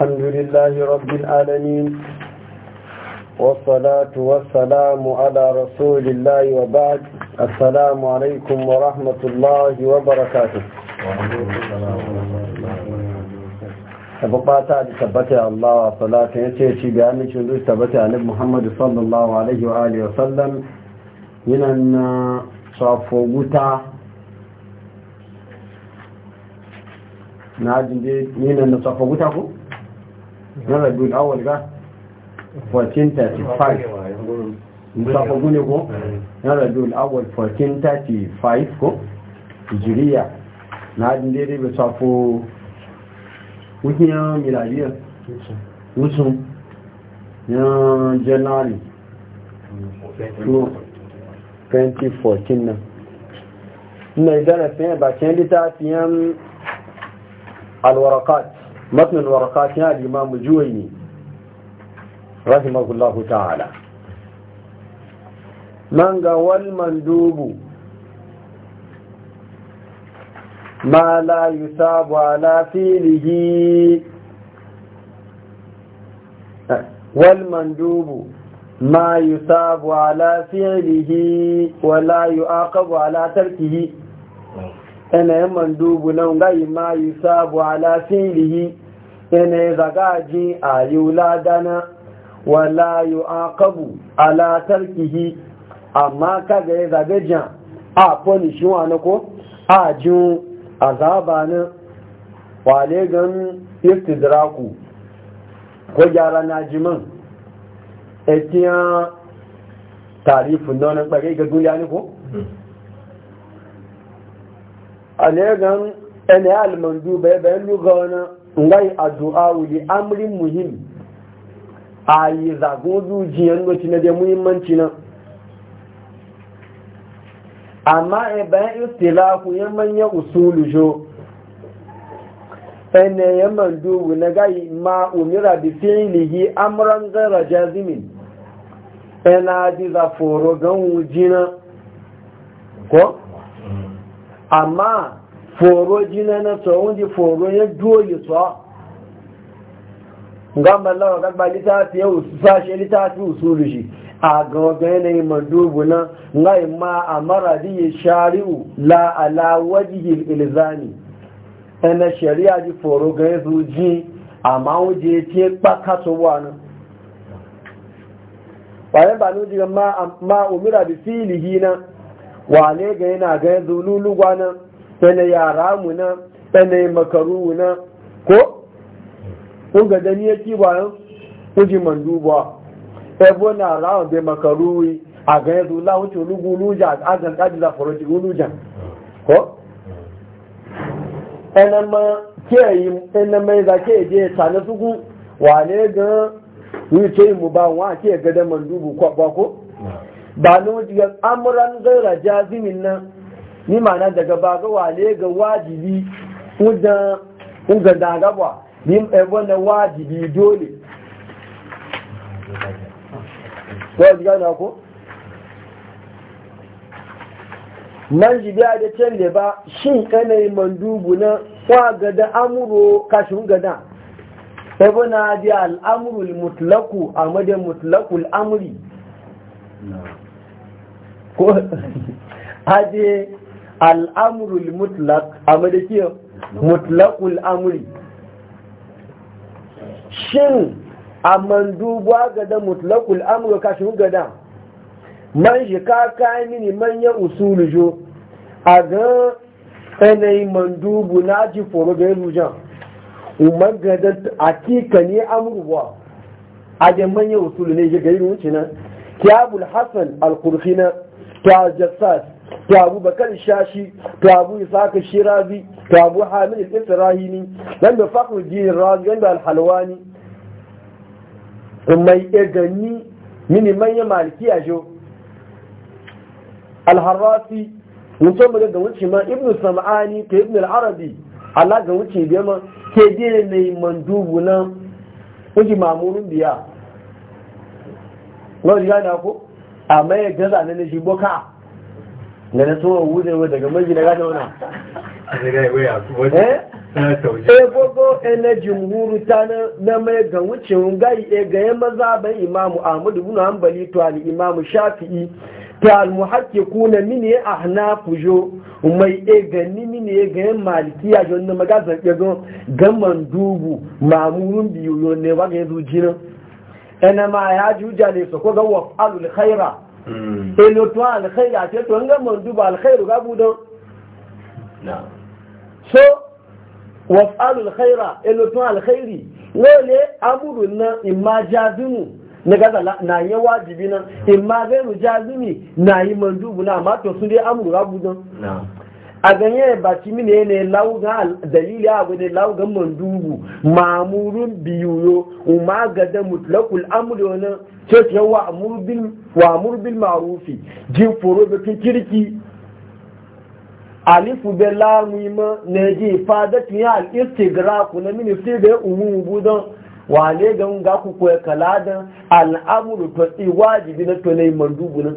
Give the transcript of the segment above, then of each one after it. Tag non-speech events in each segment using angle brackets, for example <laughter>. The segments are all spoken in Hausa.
الحمد لله رب العالمين والصلاة والسلام على رسول الله وبعد السلام عليكم ورحمة الله وبركاته tabbata da tabbata Allah wa salatu yace shi bayanin cin zuci tabbata annabi Muhammad sallallahu alaihi wa alihi wa sallam safo guta na jinde yinan safo guta ko na rabiul awal ga 1435 musafa gune ko na rabiul awal 1435 ko hijiriya na adin daidai bai safo wikiyar miladiyar wucin yan janari 2014 nan ina idara fiye bakin littafiyan alwarakat matnin waraka shi na limamu juwai ne rahimahullahu ta'ala man ga walman dubu ma la yusabu ala filihi walman dubu ما يثاب على فعله ولا يعاقب على تركه انا مندوب لو غير ما يثاب على فعله ene zagaji a yula dana wala yu ala tarkihi amma kaga ya zagajin a shi wani ko a jin azaba wale gan iftidraku ko gyara najiman etiyan tarifin nonin kpare, ga duniya ne ko? Hmm. a ne gan ene almandu bai bayan luga wani ngai addu'a li amrin muhim a yi zagon zuciyar wacce na da muhimmanci nan amma e bayan istilahu ya manya usulu jo ene ya mandubu na gai ma umira bi fi'lihi amran ghayra jazimin ena di za foro gan wujina ko mm. amma foro jina na tsohon ji foro ya doye tsoa gamba lawa gaba littafi ta sashe o su shi a ga gawaga yanayin mandubu na ngai ma a maradi shari'u la ala wajihil ilzami ẹna shari'a di foro ga yanzu ji a ma'un je ce kpakaso wa nan bayan ba nuji ga ma umira bi filihi na wale ga yana ga yanzu lulugwa nan yana yara mu na makaru na ko kun ga dani ya ba bayan kuji manduba ebo na rawon bai makaru a ga yanzu la wuce lugu luja a zan kaji za faro luja ko ma ke yi ena mai ke je wane ga mu ba wa ke ga da mandubu ko ba ko ba ni wuce ga amuran gaira jazimin nan ni nan daga ba ga wale ga wajibi wajen ga dagaba ni ebo eh, na wajibi dole wajibi na ko nan biya da da ba shin yi mandubu na kwa gada amuro ga gada ebo eh, na amru al'amurul mutlaqu a mutlaqu al amri, ko haje al'amurul mutlak a madakiyar mutlakul amuri shin a mandubuwa gada mutlakul amuri kashin gada man shi kaka mini manyan usulu jo a ga yanayin mandubu na ji foro ga yanzu jan umar gada a kika ne amurwa a da manyan usulu ne ga yi wuce nan kyabul hassan al-kurfi na ta jassas Tabu abu bakar shashi tabu abu isaka shirazi tabu abu hamid israhini dan da fakru jin razi dan da alhalwani mai egani mini manya Maliki a jo alharrasi mutum da ga wuce ma ibnu sam'ani ta ibnu al-arabi Allah ga wuce biya ma ke biya mai mandubu nan kuji mamurin biya wani gane ko amma ya gaza na shi boka da na so wuzewa daga mai gina gata wana e gogo ene eh, jimhuru ta na mai ga wucin gai e ga ya mazaban imamu ahmadu bin hanbali to al imamu shafi'i to al muhaqqiquna min ya ahnafu jo mai e ga ni min ya ga malikiya jo na magazan ke zo gaman dubu mamurun biyu yo ne wa ga zuji na ene ma ya juja ne so ko ga wa alul khaira elo hmm. to alkhairi a ce to nga mun duba alkhairu ga budon so waf'alu alkhaira elo to alkhairi lole amuru na imma jazimu na gaza na yi wajibi nan imma gairu jazimi na yi mandubu na ma to su dai amuru ga budon a ganye ki mine ne lauga dalili a ne lauga mandubu mamurun biyuyo umma gada mutlakul amri wani ce wa wa marufi jin foro bikin kirki alifu be lamu ma ne ji fadatu ya al-istigra kuna mini sai da umu budan wale ga ga ku ko kaladan al-amru to wajibi na to mandubu na.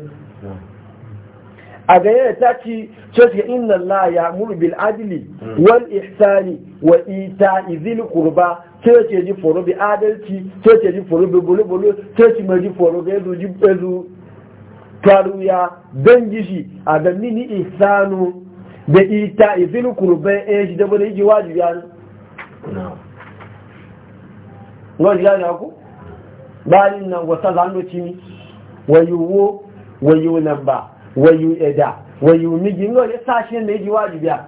a ganye ta ci cewa inna Allah ya muru bil adli wal ihsani wa ita izil qurba ce ji foro bi adalci ce ji foro bi bulu bulu ce ma ji foro ga ezu ji ezu karuya dan gishi a ga mini ihsanu da ita izil qurba e shi da bane ji wajibi an no ji ya ku ba ni nan wata zanu ci ni wayo wayo nan ba wayu eda wayu miji ngo ne sashi ne ji wajibi ya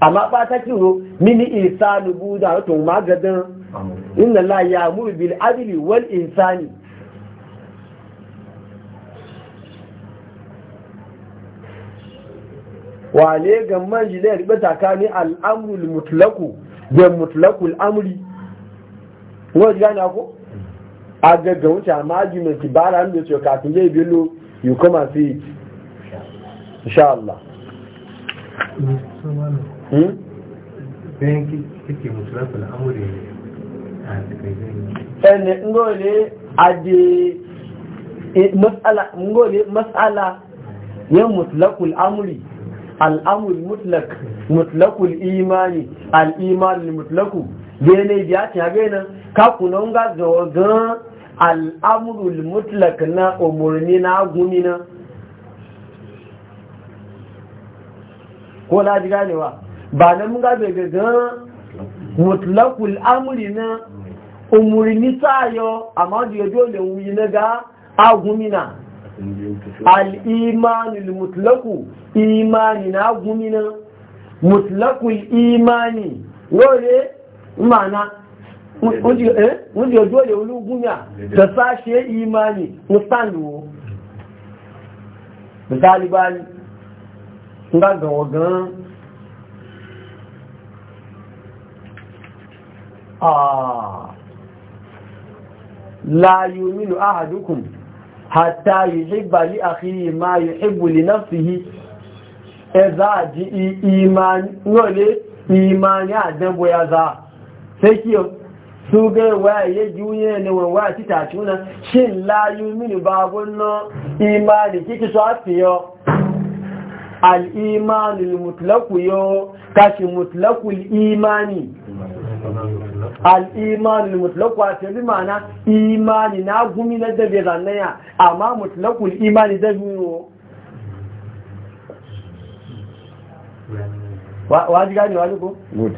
amma ba ta kiro mini isanu buda to magadin inna la ya'muru bil adli wal insani wale ga man shi zai ribe tsakanin al'amrul mutlaku da mutlakul amri gana ko, a gaggauta ma ji amma argument ba da nínú ṣe kafin zai bello you come and see insha Allah ẹni hmm? ngole ade matsala ngole matsala ya mutlaqul amuri al'amur mutlak mutlakul imani al'imanin mutlaku gane biya ce haga nan kakunan ga zawagan al’amuri mutlak na umarni na gumi na ko laji ganewa ba na mun gabe gaga mutlakul amri na amma da dole wuyi na ga agumina mutlaku imani na agumina mutlakul imani lore mana wọ́n jẹ́ eh, dole olúgúnyà sashe imani mustandu misali bani nga ga wagan a la yuminu ahadukum hatta yuhibba li akhihi ma yi yuhibbu li nafsihi eza ji imani nole imani adabo ya za sai kiyo su ga waye juye ne wa wa titacuna shi la yuminu babun no imani kiki so afiyo al'imanul mutlaku yau kashi mutlakul imani al'imanul mutlaku a tabi mana imani na gumi na dabe zannaya amma mutlakul imani dabe yiwu waji gani waji ko? good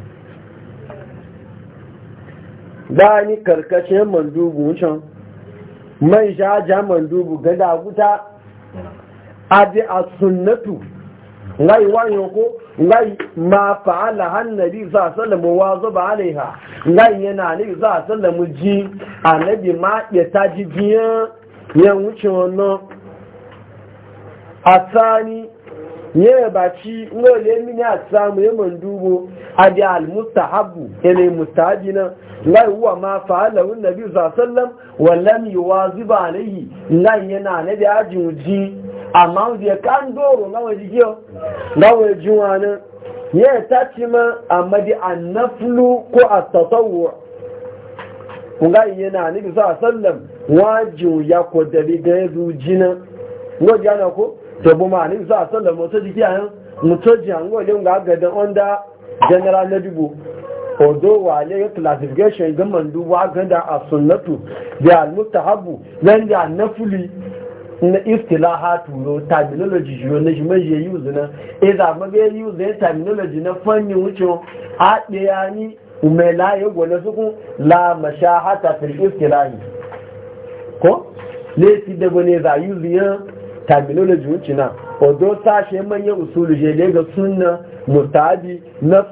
da ni karkashin mandubu wucin man sha ja mandubu gada guta adi a sunnatu ngai wanyo ko ngai ma fa'ala annabi sallallahu wa zuba alaiha ngai yana annabi mu ji annabi ma ya taji biya ya wuce wannan asani yẹ́ bá tí ní olè mini àti samu yẹ́ mọ̀ dúró adé almustahabu yẹnà mustahabi na ngai huwa ma fa'ala wa nabi sallam wa lam yuwaziba alayhi ngai yana ne da ajin ji amma da kan doro ngawa jiyo ngawa juwana yẹ́ tati ma amma di anafulu ko at-tatawwu ngai yana nabi sallam wajin ya ko dabi ga yuzina ngo jana ko to bu za a san da motsa jiki ayan moto ji an ga gada onda general na dubu odo ne ya classification ga mandu wa gada a sunnatu da al habu nan da nafuli na ha turo terminology yo na shi yi use na e da ma ga use terminology na fanni wuce a ɗaya ni umela ya gwane suku la mashahata fil istilahi ko ne da gone za use yan terminology wuce na odo sashe manyan usulu je ga sunna mutabi ta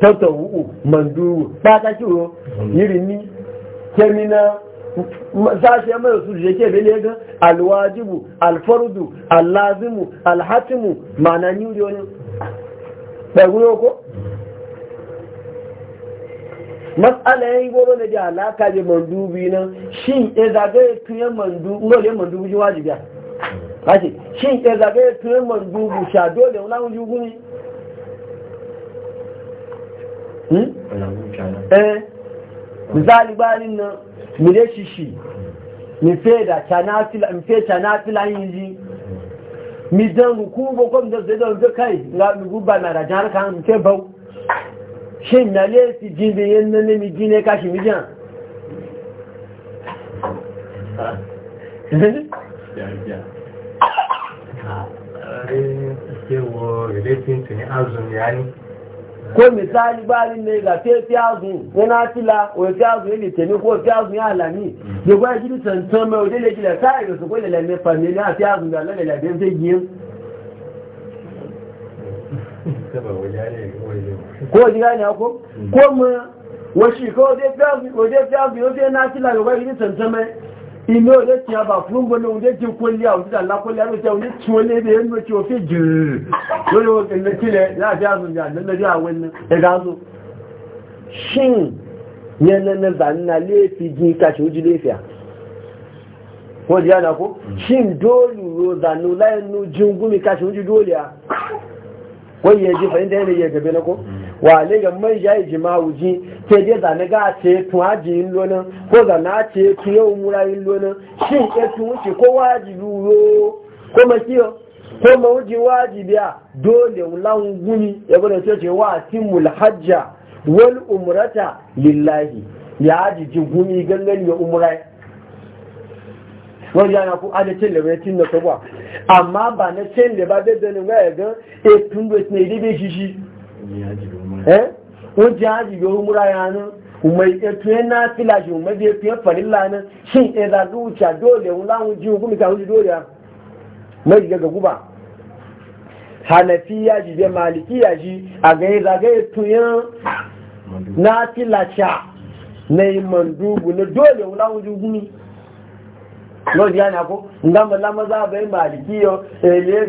tatawu manduru ba ta kiro yiri ni kemina sashe manyan usulu je ke bele ga alwajibu alfardu allazimu alhatimu mana ni uri wani ɗagulo ko matsala ya yi goro da alaka da mandubi nan shin ya zagaye tuyen mandubi ngole mandubi ji kashi shi ke zagaye turimar dubu sha dole wani jugu ne. Hmm? eh misali bayanin nan mire shishi mife da canafila mife canafila yin ji midan rukubo kom da zai dauke kai ga guba na da jihar kan mife bau shi na lesi jibin yin ne mi ne kashi mijan <laughs> ko misali ni ne ga fe fi azun yana tila o fi azun ile temi ko fi azun ya alami ya mm. gwa jiri tantan mai odele jila sa'ayi da e su ko lele mai fami ne a fi azun da lele da biyan sai giyin ko ji gani ko mu mm. washi ko waje fi azun yau fi na tila ga gwa jiri tantan inú ọ̀lẹ́ tí a bà fún gbọ́nà oúnjẹ jí kó lé àwọn títà lápọ́lẹ́ àrùsẹ́ oúnjẹ tí ó lé bẹ̀rẹ̀ ní ọ̀tí òfin jìrì lórí wa le ga man ya ijima wuji sai dai zane ga ce tun aji in lona ko zane ce tun yau mura in lona shin ke tun wuce ko wajibi ko ma kiyo ko ma wuji wajibi a dole wulan ya gwada sai ce wa timul hajja wal umrata lillahi ya aji gumi gangan ya umra wọ́n yára kú adẹ́tẹ́lẹ̀ rẹ̀ tí nà sọ́wọ́ àmá bà ní tẹ́lẹ̀ bá dẹ́dẹ́ ni wọ́n ẹ̀gán ètùn gbèsè ìdíbé ṣíṣí eh e ji haji yau mura yana umai etuye na filaji umai da etuye farilla na shin e za ga dole wun za mu ji hukumi ka wuce ga guba hanafi ya ji da maliki ya ji a e ga e ya na filacha na yi mandubu na dole wun za mu ji hukumi lọ́dí yọ èlé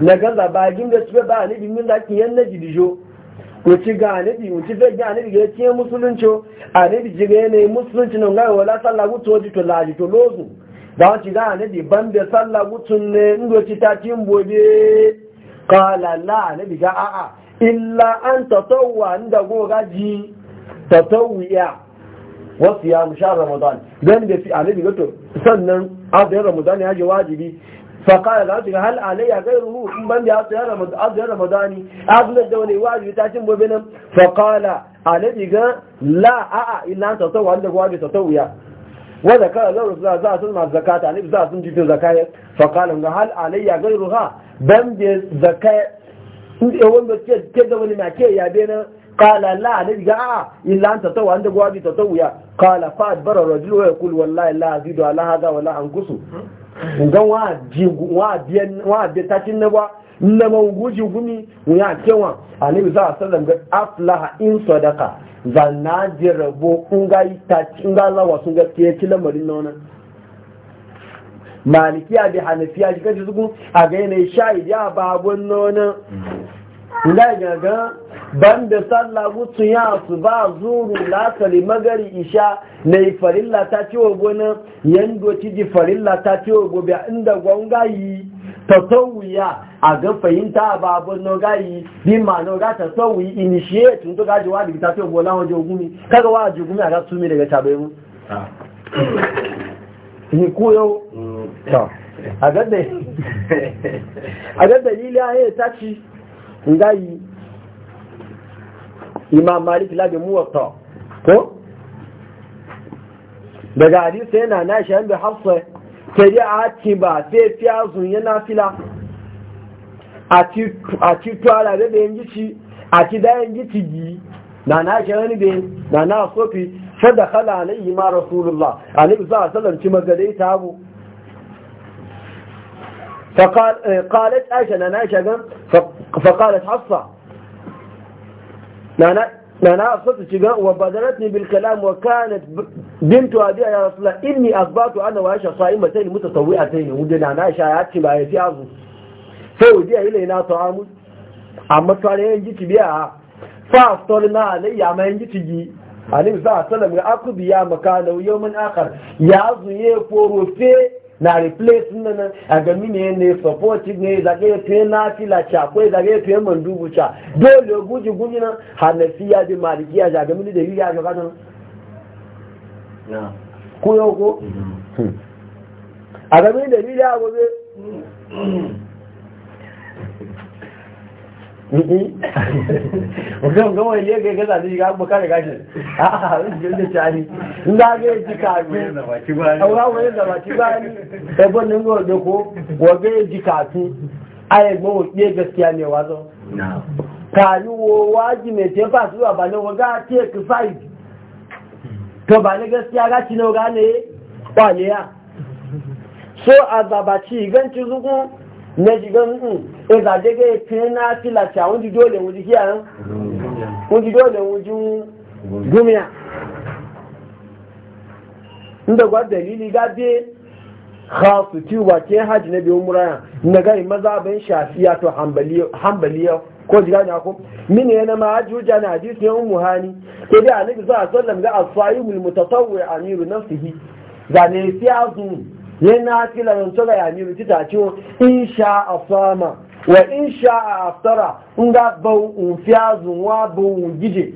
na gaza ba gin da su ba ne min da ke yan naji dijo ko ci ga ne bi mutu fe ga ne bi ga ci musulunci a ne bi jiga ne musulunci nan ga wala sallah gutu waji to laji to lozu da a ci ga ne bi ban da sallah gutun ne ndo ci ta ci bobe qala la ne bi ga a a illa an tatawwa inda go gaji tatawwiya wasu ya mushar ramadan dan da fi a ne bi to sannan a da ramadan ya ji wajibi faƙaɗa za su ga hal alayya gai ruhu in ban da azuyar ramadani azunar da wani wajibi ta cin bobe nan faƙaɗa alayya ga la a'a illa ta sau wanda wanda kara zaura su za a sun masu zakata alayya jifin zakayar faƙaɗa ga hal alayya gai ruha ban da zakayar wanda ke da wani na ke yabe na قال لا نرجع إلا أن تتوى عند قوابي تتوى قال فأدبر الرجل ويقول والله لا أزيد على هذا ولا أنقصه nga wa biya ta na ba na manguji gumi ya kewa annabi za a sallam ga aflaha in sadaka za na ji rabo ga yi takin ga lawa sun gaskiya ci lamarin na maliki malikiya da hanafiya shi kaji zugun a ga yanayi sha'id ya babun na la gaga ban da sallah mutu ya su ba zuru kali magari isha na yi farilla ta ce wa gona yando ci ji farilla ta ce wa gobe inda gwangayi ta sauya a ga fahimta ba abin no gayi bi ma no ga ta sauyi initiate tun to jiwa wa ta ce bola waje gumi kaga wa ji gumi a ga sumi daga tabe mu ah. ni ko yau mm. a ga da a ga dalili ya ta ci ngayi imam malik labi muwatta ko daga hadisa yana na shayan da hafsa ta yi a haki ba sai zun zunye na fila a ci tuwara da bayan gici a ci dayan gici gi na na shayan bayan na na sofi sadakala yi ma rasulullah alayhi za a salarci magadai ta abu فقالت عائشة نانا عائشة فقالت حفصة نانا نانا حفصة تشجع بالكلام وكانت بنت أبي يا رسول الله إني أثبات أنا وعائشة صائمتين متطوئتين ودنا عائشة عائشة عاتشي ما يفي عظم فودي إلينا طعام أما تعالي جيت بيها فأفطرنا علي ما ينجي جي عليه الصلاة والسلام أكو بيا مكانه يوم آخر يا يفور فوروفيه na replace nan nan a ga mini ne support ne da ga fe na fila cha ko da ga fe man dubu cha dole guji guji na hanafiya da malikiya da ga mini da yiya ga kadan na ko yo ko a ga mini da yiya mhm. hmm. gobe hmm. mutum gama ne ga gaza ha ha ha ha ha a a da ha ha ha ha ha ha aura ha ha ha ha ha ha ha ko ha ha ha ha ha ha ha gaskiya ne wazo ha wo ha ha ha su ba ne ha ha ha to ba ne gaskiya ha ha ha ne ha so ha ha ha zugun na jigan un e za de ge dole un di kiyan un dole un gumiya inda gwa dalili ga de khasu ti wa ke haji na bi umra na gari maza ban shafiya to hambaliya ko jiga na ko min yana ma haji hujja na hadisi ne ummu hani ke da annabi sallallahu alaihi wasallam ga as-sayyibul mutatawwi amiru nafsihi zane siyazu yana fila nan tsoga ya miru tita ciwo in sha a sama wa in sha a aftara in ga bau in fiya zunwa gije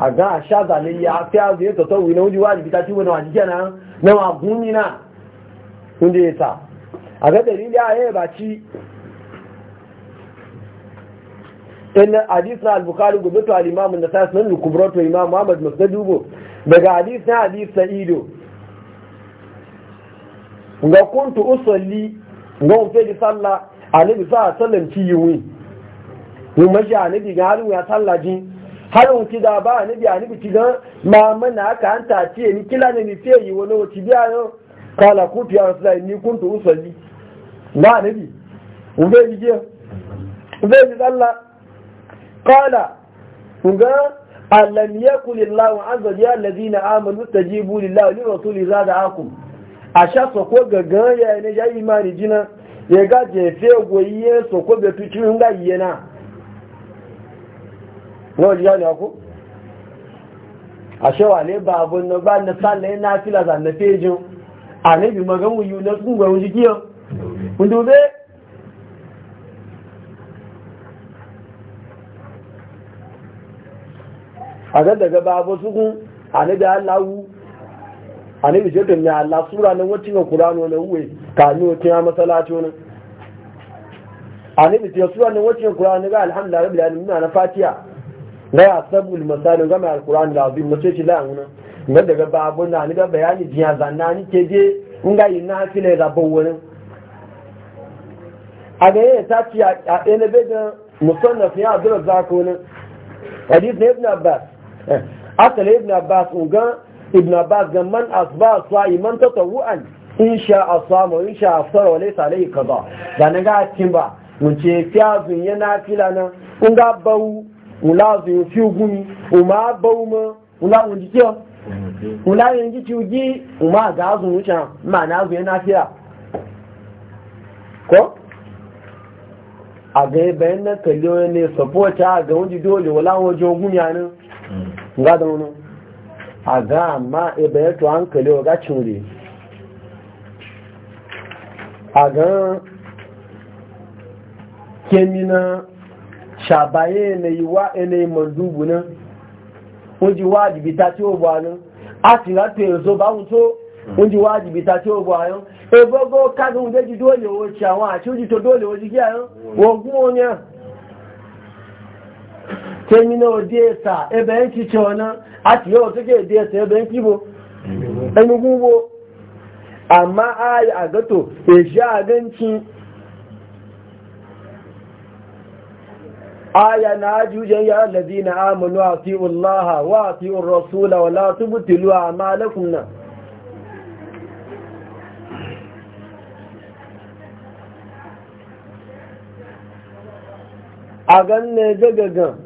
a ga a sha zane ya fiya zuwa ta tsawo na wuji wajibi ta ciwo na wajibi na na maguni na wanda ya sa a ga dalili a yaya baci in hadis na al-bukhari gobe to al-imam an-nasai sunan al-kubra to imam Muhammad Musnad daga hadis na hadis sa'ido nga kuntu usalli nga mun fi salla annabi sa sallam ci yiwi mun maji annabi ga halu ya salla ji halu ti da ba annabi annabi ti gan ma mana aka anta ci ni kila ne ni fe yi wani wati biya yo kala kuntu ya rasulullahi ni kuntu usalli na annabi mun fi ji mun fi salla kala nga alam yakul illahu azza wa jalla alladhina amanu tajibu lillahi wa rasulihi zada akum a sha soko gaggan ya ne ya imani jina ya ga jefe goyiye soko bai tuci yin ga yiye na na wajen ne ku a shawa ne ba na ba na tsalle na fila za na fejin a ne bi magan wuyu na sun gwamnati jikiyo kun dube a ga daga babu sukun a ne da allahu annabi ce tun Allah sura nan wacce ga Qur'ani ne uwe ka ni wacce ya masallaci ne annabi ce sura nan wacce ga Qur'ani ga alhamdulillah rabbil alamin na Fatiha ga asabul masal ga ma alquran da mace ce la nguna nan daga babu na ni ga bayani jiya zanna ni ke je in ga yin nafile da bawon a ga yayin ta ci a ɗaya bejin musannaf ya zura zakonin hadith na ibn abbas eh, asali ibn abbas ugan ibn abbas ga man asba sa'iman tatawu'an in sha asama in sha afsara wa laysa alayhi qada da na ga cin ba mun ce fiyazun yana fila nan kun ga bau ulazun fi gumi uma bau ma ula mun ji kiyo ula yin ji ciuji uma ga azun wuce ma na azun yana fila ko a ga bayan na kallo ne support ga wani dole wala wajen gumiya nan mm. ga da wani a ga amma ibayar to hankali wa gacin wuri a ga kemina shabaye na yi wa yanayi mandubu nan oji wajibi ta tí ó bọ̀ ànú a ti láti èrò báhùn tó oji wajibi ta tí ó bọ̀ ànú egbogbo kágun jẹ́ jí dóòlè owó ti àwọn àti ojú tó dóòlè ojú gí àrùn kemina odesa ebe yanki na a tiye wata ke odesa ebe yanki bo ɗan gubo amma a ya aga gato e shi a ganci aya na ajujen ya na amonu a fi'un laha wa a fi'un rasula wa latubutilu a malakun nan a gan ne gagagan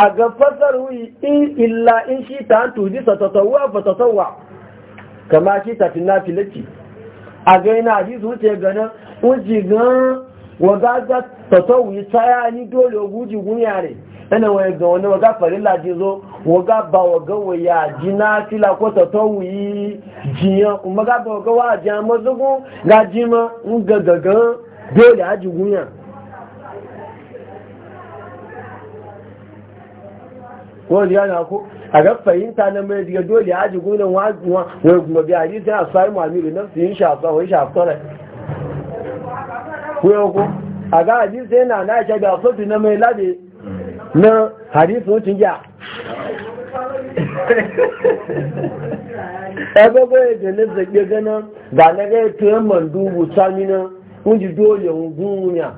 a ga wuyi in illa in shi ta an tuji sa tattawa fa tattawa kama shi ta fi nafilaki a ga yana ji su ce ganin uji gan waga ga tattawi tsaya ni dole guji gunya ne yana wani ga wani waga farilla ji zo waga ba waga waya ji nafila ko yi jiyan kuma ga ba waga wa jiyan mazugun ga jima in gagagan dole haji gunya wani ji yana ku a ga fahimta na mai diga dole ya ji gunan wajuwa wai kuma bi hadisi na sai mu amiru na su yin shafa wai shafa ne ku yau ku a ga hadisi yana na ya ga sotu na mai labe na hadisi wucin ya ebe ya ga nasa ke gana ga na ga ya tuyan mandubu samina kun ji dole gungunya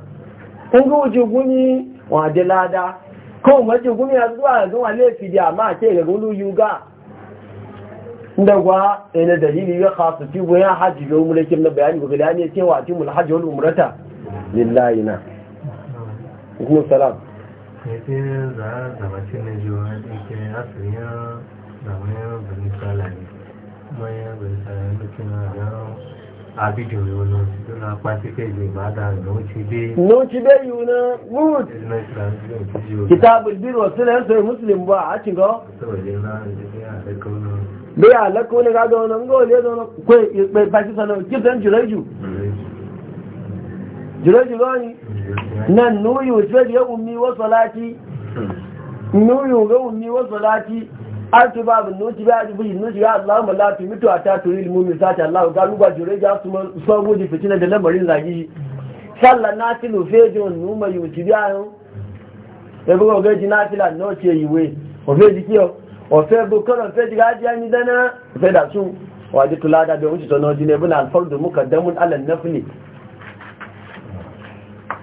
kun ga wuce guni wa lada <laughs> kawai majin gumi ya zuwa ga wani laifi da amma ke ga gulu yuga inda kuwa na dalili ya kasu ci goyon hajji da umulakin na bayani gobe ya ne cewa ci hajji wani umurata lillahi na hukumar salam kaife za a zabace na jiwa ike asiriyar da mayan bani salami mayan bani salami kina ga abidin yuna suna kwasike da ibada nauci bir wa sunan sai muslim ba a cin ga be ya la ko ne ga gole da wannan ko be ba shi sanan kisan juraju juraju gani nan nuyu sai ummi wa salati nuyu ga ummi wa salati artu babu nuti ba ji buji nuti ya Allah ma lati mutu a ta turi ilmu mi sata Allah ga ruba jure ga su man san fitina da lamarin zagi sallan nafilu fejin numa yuti bi ayo e bugo ga ji nafila no ce yiwe o fe ji kiyo o fe bu kono fe ji ga ji ani dana fe da su wa ji tula da be wuci to no ji ne buna alfardu mukaddamun ala nafli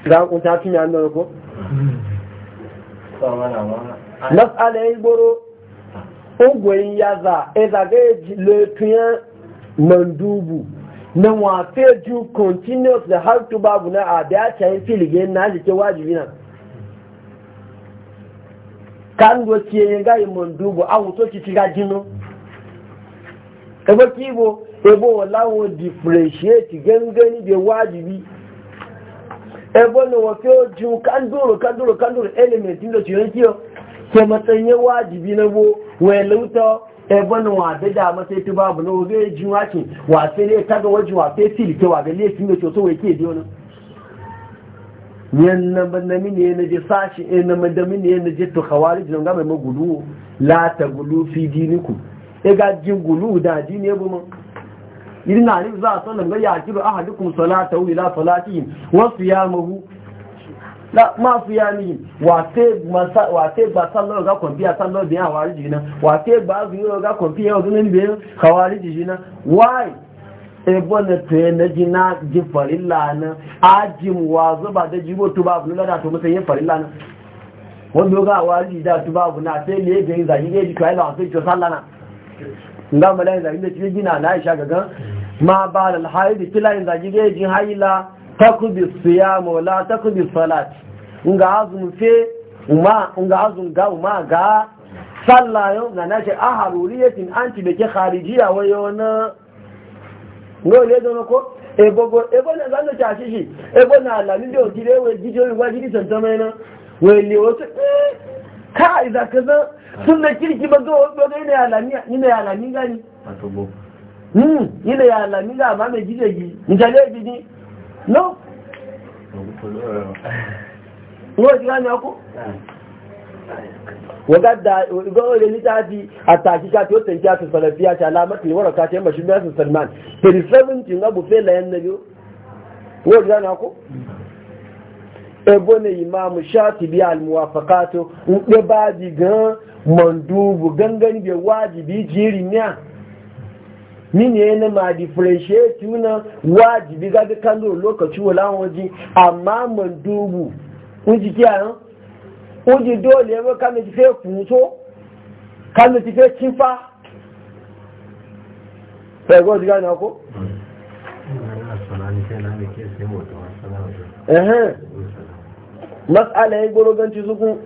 ga kun ta tunya an ko hmm. mas'ala yi goro ogwen yaza ezaga letuyen mandubu na wafe ju continuous da har tu babu na a da filige na jike wajibi na kan do ci yin ga yin mandubu a wuto ci ci ga jinu ebo kibo ebo lawo differentiate gangani da wajibi ebo na wafe ju kan duro kan duro kan duro element din da ci yanki ke matsayin wajibi na bo weluto ebon wa da sai ma sai babu no zai ji wakin wa sai ne kaga waji wa sai fili ke wa ga lefi ne to so wai ke biyo nan yan na banami ne na je sashi in eh, na madami ne na je to khawarij nan gama ma magulu la ta gulu fi diniku e ga ji gulu da ji ne bu ma irin na ni za a sanar ga ya kiru ahadukum salatahu ila wasu ya mahu la ma fi ya ni wa te masa wa te gba sallo ga kon biya biya hawariji na wa te gba ga ni biya na why te jina ji farilla na wa zuba da jibo to ba lada to yin farilla na ga to ba na te ga yin ji nga mala yin na ma ba ji takubi siyamu la takubi salat nga azun fe uma nga azun ga uma ga salla na na ce a haruriyatin anti da ke kharijiya wayo na ngo le don ko e gogo e bo na zan ta shi shi e bo na la ni do dire we gijo ri wa gidi santa mai na we le wasu ka iza kaza sun da kirki ba zo ba ga ne alami ni ne alami gani atobo hmm ni ne alami ga ma me gije gi ni jale bi ni lọ wọ́n ti ránà ọkọ́ wọ́gádà ìgbọ́wọ́lẹ̀ níta di àtàkíká tí ó tẹ̀ kí a sùn sọ̀rọ̀ bí a ṣe alámọ́tì ìwọ̀rọ̀ ká ṣe mọ̀ṣú mẹ́sùn sọ̀rọ̀mán 37 ń lẹ́yìn náà ne mandubu gangan da wajibi jiri mini yana ma differentiate na wajibi ga dukkan zuwa lokaci wala waje amma man dubu unji kiya nan unji dole ya ka mai tafiye kuto ka mai tafiye kifa sai gwaji gane ko? matsala ya goro ganci zuku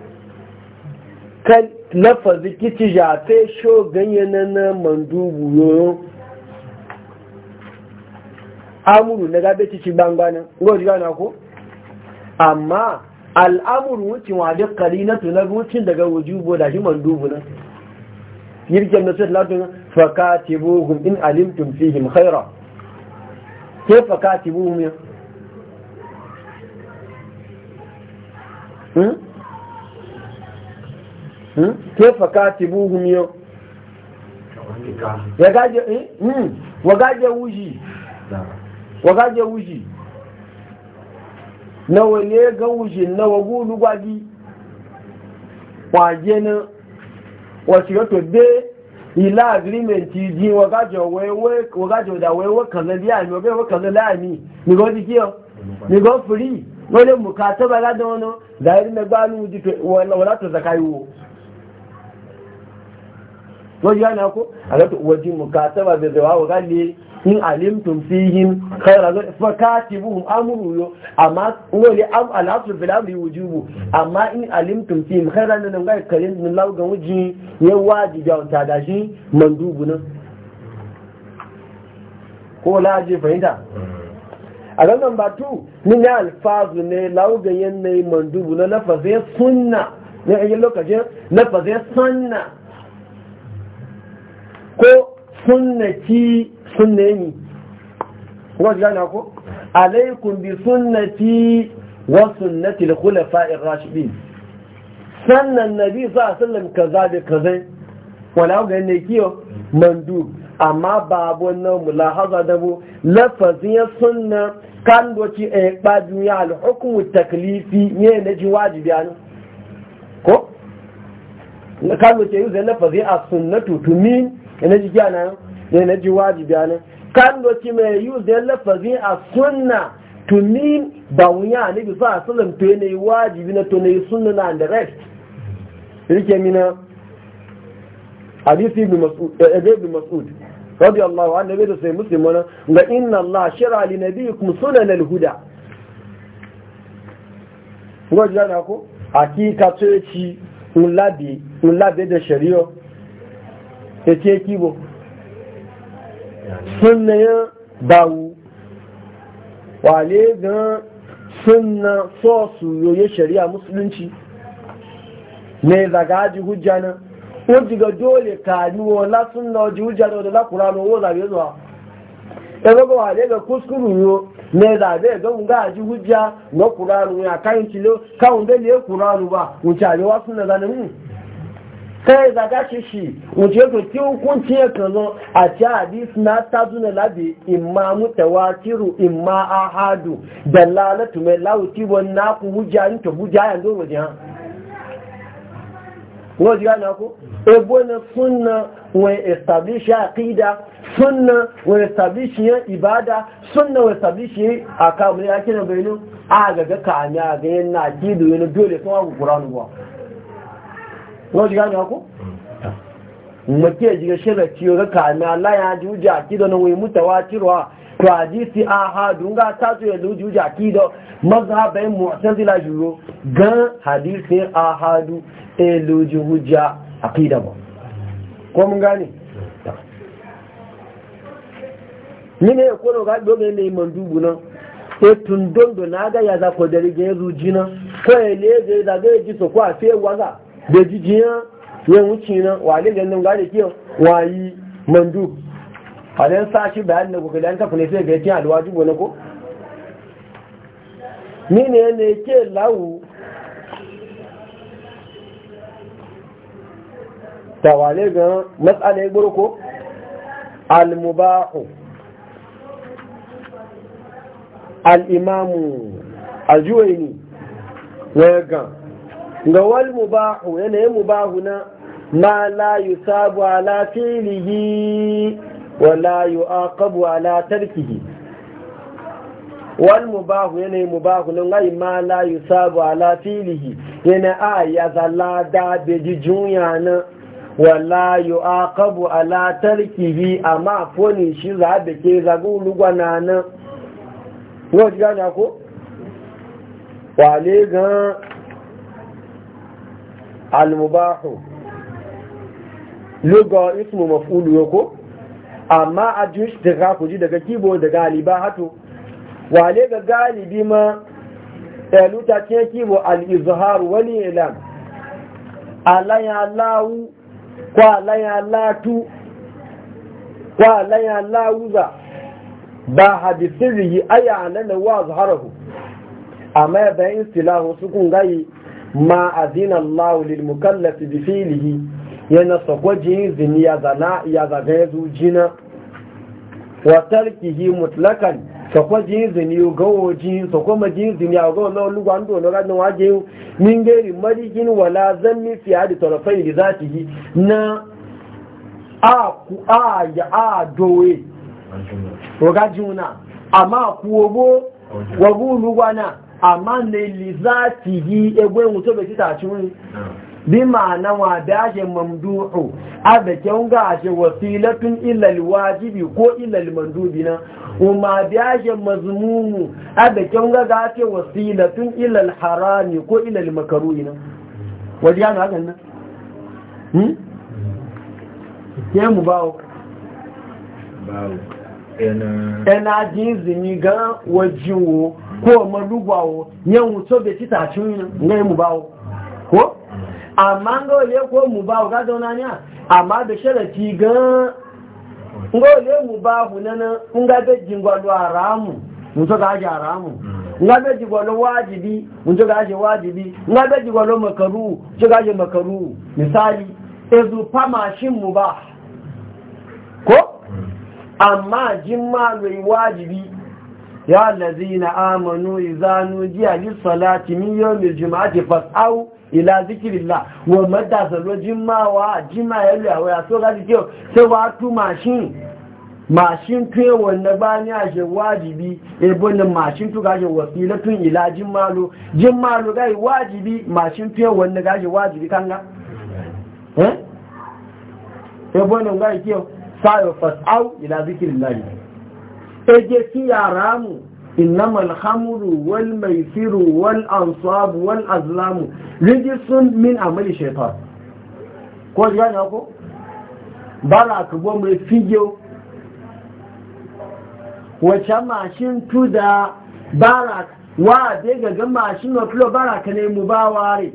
kan lafazi kici jafe sho ganyen na man dubu yoyo amuru na gabe ci bangbana ngo ji gana ko amma al'amuru wucin wa da to na wucin daga wujubo da himan dubu na yirken na sai ladun fakatibuhum in alimtum fihim khaira ke fakatibuhum ya hmm hmm ke fakatibuhum ya ya gaje eh hmm wa gaje wuji wakaje wuji na wane ga wuji na wagu lugwagi kwaje na wasu yato be ila agreement ji wakaje da wewe kanzan biya ni wabe wa kanzan la'ani ni ga wani kiyo ni ga firi wani mukata ba gada wani da yi na gbanu wuji wala wala to zaka yi wo wajen yana ko a ga wajen mukata ba da zawa wa gani in alimtum fihim khayra fa katibuhum amru yo amma wali am alasul bil amri wujubu amma in alimtum fihim khayra nan ga karin nan law ga wuji ya waji ga ta da shi mandubu nan ko laje fahimta a ga nan batu min ya alfazu ne law ga yan ne mandubu na lafazin sunna ne a lokacin lafazin sunna ko sunnati sunna yi wasu gane ko alaikun bi sunnati wa sunnati da kula fa'in rashidin sannan nabi za a sallam kaza da kazai wani abu ne kiyo mandu amma babu wannan haza da bu lafazin ya sunna kan doci e a yakpa duniya alhukumu taklifi ne na ji wajibi a ko kan doci yi zai lafazin a sunnatu tumin na ji gyana ne na ji wajibi ne kan doki mai use da lafazi a sunna to mean ba wuya ne bi sa sallam to ne wajibi na to ne sunna na and the rest rike mina hadisi ibn mas'ud eh, eh, ibn mas'ud radiyallahu anhu da sai muslim wannan ga inna allah shara li nabiyikum sunan al-huda ngo jana ko hakika to ci un labi un labi da shari'a shari'o ce kibo sunna ya bawu wale gan sunna sosu yoye shari'a musulunci ne zaga aji hujja nan o diga dole ka ni wala sunna o ji hujja da la qur'ano wo zabe zuwa ebe ga wale ga kuskuru yo ne zabe ga mun ga ji hujja na qur'ano ya kan tilo ka unde le qur'ano ba mun ta le wa kai zaga shi shi wuce ku ki hukunci ya kazo a ci hadisi na ta zuna labi imma mutawatiru imma ahadu dalalatu mai lauti na ku hujja in ta hujja yanzu wajen ha na súnna wọ́n establish àkídá súnna wọ́n establish yẹn ibada súnna wọ́n establish yẹn àkàmù ní akínà bẹ̀rẹ̀ a agagaka àmì ga náà kí wọ́n ti gane ọkọ́ mace ya jiga shirar ciyo ga kame Allah ya ji wuce akido na wai mutawa cirwa to a ji si a hadu ga e ta su ya zuci wuce akido mazhabai mu'tazila juro gan hadisi a hadu e loji wuce akida ba ko mun gane ni ne ko no ga dogon ne man dubu na e tun dondo na ga ya za ko dare ga ruji nan ko ele ga da ga ji so ko a fe waza da jijiyan yan wuce nan wale ganin gane kiyan wayi mandu a dan sa shi bayan da gugu an kafa ne sai ga yakin alwaji gona ko ni ne ke lawu ta wale ga matsalai ko? al-mubahu al-imamu al-juwaini wa gan. ga wal mubahu yanayin mubahu na ma la sabu ala filihi wa la yuaqabu ala tarkihi wal mubahu yanayin hu na ngai ma la sabu ala filihi yana a ya zala da beji junya na wa la yuaqabu ala tarkihi amma foni shi za a ke zago lugwana na ko ji gana ko wale gan almubahu luga ismu maf'ulu yoko amma a jush daga ku ji daga kibo da galiba hato wale ga galibi ma ɗaluta ce kibo al-izhar wani ilam alaya lawu ko alaya latu ko alaya lawuza ba hadisiri aya alana wa zaharahu amma bayan istilahu sukun gayi ma azina Allah lil mukallafi bi filihi yana sakwaji zini ya zana ya zaga ya zujina wa tarkihi mutlakan sakwaji zini gawo ji sakoma ji zini ya gawo na lugwa ndo na gadin waje min gairi marikin wala zanni fi hadi tarafai li zatihi na a ku a ya a dowe na. amma ku wogo wagu na. amma ne lizati yi egwe mutu bai cita cikin bi ma'ana wa dajin mamdu'u a da kyan gashe wasilatun ilal wajibi ko ilal mandubi na umma dajin mazmumu a da kyan gashe wasilatun ilal harami ko ilal makaruhi na wajen yana hakan nan hmm? ke mu bawo bawo yana jin zini ga wajiwo ko marugwawo yan wuto bai ci tacin ngai mu bawo ko amma ga wale ko mu bawo ga zauna ne amma da sharafi ga hmm. ga wale mu bawo nan in ga da jingwalo haramu mun to ga ga haramu in ga da jingwalo wajibi mun to ga ga wajibi in ga da jingwalo makaru to ga ga makaru misali ezu fama shin mu ba ko hmm. amma jin ma wajibi يا الذين آمنوا إذا نودي للصلاة من يوم الجمعة فاسعوا إلى ذكر الله ومدى صلوا جمعة وجمعة يلوها ويأسوا ذلك سواتوا ماشين mashin tuye wanda bani a shi wajibi ebonin mashin tu gashi e wasilatun ila jin malo gai wajibi mashin tuye wanda gashi wajibi kanga eh ebonin gai kiyo sayo fas'au ila zikirin eje ki yara mu innama alhamru wal maisiru wal ansab wal azlamu rijisun min amali shaitan ko ji gane ko bala ka go mai fijo Wacce mashin tuda barak wa dai ga mashin wa kilo baraka ne mu ba ware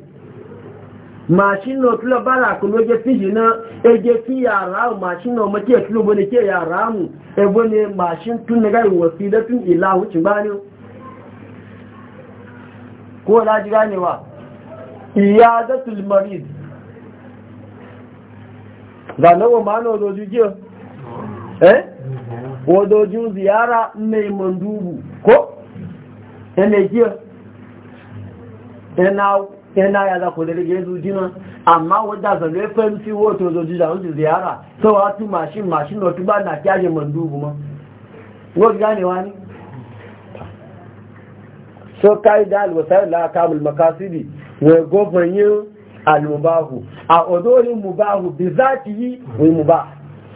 mashin no tula bala ku loge fiji na eje fi yara mashin no make tulo bone ke yara mu e bone mashin tun ne gai wasila tun ila ci bani ko la ji ganewa iyadatul marid da nawa mano do juje eh wodo ju ziyara ne mandubu ko ene ji ena yana ya za ku da rage zujina amma wadda zan zai fahimci wato zoji da wani ziyara sau watu mashin mashin da ba na kyaje mandubu ma wani gane wani. so kai da alwasar la kamul makasidi wai gofan yin almubahu a odorin mubahu bi za ki yi wai mubah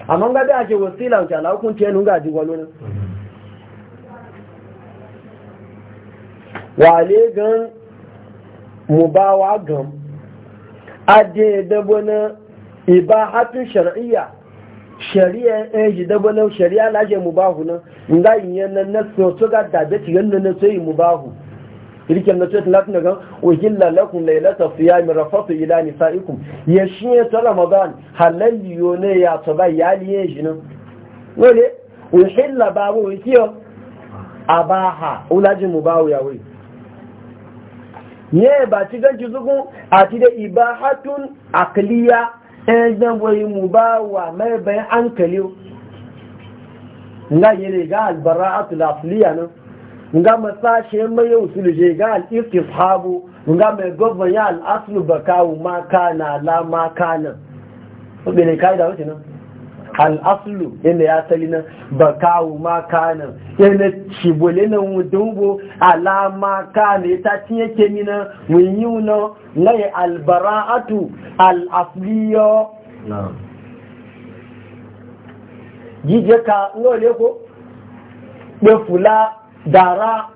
amma ga da ake wasila wuce ala hukunci yanin ga jigwalo ne wale gan mu ba wa gam ade dabo na iba hatun shari'a shari'a eh ji dabo na shari'a laje mu ba hu na nga yin nan na so so ga da be tigan nan so yi mu ba hu irkin na cewa latin ga uhilla lakum laylata siyam rafatu ila nisaikum ya shi ya ta ramadan halal yo ne ya to ba ya liye shi nan wale uhilla babu kiyo abaha ulaji mu ba hu ya wai ye ba ci ganci zugun a ti da hatun akliya ɗan zamboyi mu ba wa mai bayan an kaliyo nga yene ga albara'atu lafliya nan nga masashe mai usulu je ga al-istishabu nga mai gobban ya al ma kana la ma kana ko kai da wuce nan al'aslu yana ya sali nan ba kawo maka nan yana cibole na dumbo ala ka ne ta cin yake ni nan mun yi na nai albara'atu al'asliyo jíjẹ ka ní olè kó pé fùlá dára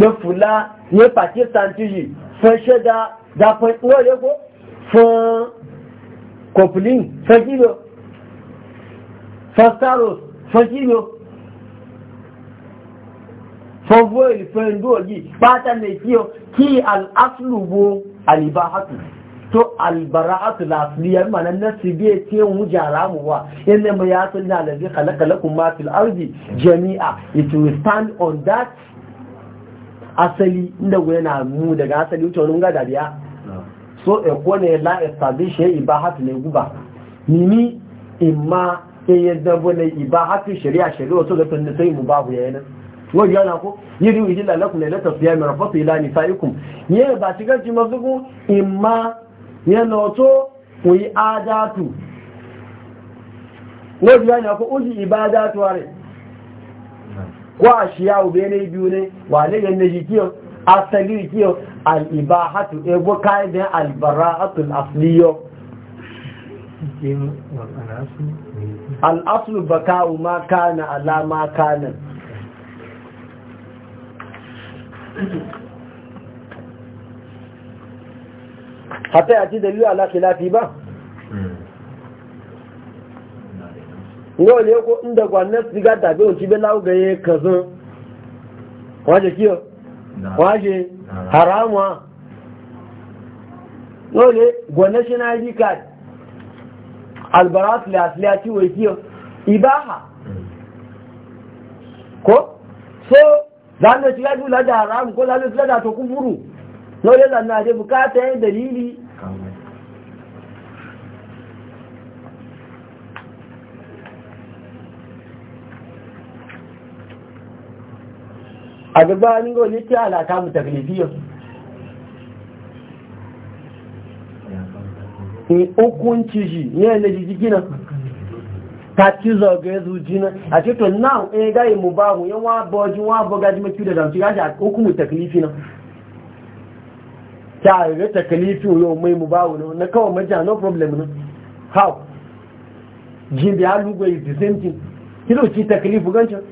pé fùlá ní pakistan tí yìí fẹ́ da dápẹ́ ní olè ko fún kọ̀pùlín fẹ́ kílò fastaros fakino favoil fendoji fata mai kiyo ki al'aslubo alibahatu to albara'atu lafiyar mana nasi biye ce wuja ramuwa inda mai ya sun na kala-kala kuma mafil arzi jami'a it will stand on that asali Nda wani na mu daga asali wuce wani gada biya so ekwane la establish ya ibahatu ne guba mimi ima sai ya zabo na iba hafi shari'a shari'a wasu ga tunda sai mu babu yayi nan wani na ko yi riyu ihi lalakum ne lata fiya mai rafatu ila nisaikum. sa'ikum ne ba shigar ci mazugu imma ya noto ku yi adatu wani na ko uji ibadatu ware ko a shiya ube ne biyu ne wane yan na jikiyo asali kiyo al-ibahatu ego kayan al-bara'atul asliyo ba baka'u ma kana alama kana hatta ya ci dalilu ala lafi ba yau ne ko inda gwanan su ga tafi wanci bai lawo gaye kazan waje kiyo waje haramuwa yau ne gwanan shi na yi kati albarat lasliya ti wai kiyo ibaha ko so zanu ti gaju la da haram ko zanu ti la da to kufuru no le zanu ade bukata yin dalili a gaba ni go ne ti alaka mu taklifiyar hukunci shi ne na jijigi gina? ta ci zagaye zuji na a cikin nan ɗaya e gaye mu ba mu yan wa boji wa boga ji maki da zamci gashi a hukumu taklifi na ta yi taklifi yau mai mu ba mu na kawai majiya no problem na how jin da ya lugwa is the same thing Ki kilo ci taklifi gancin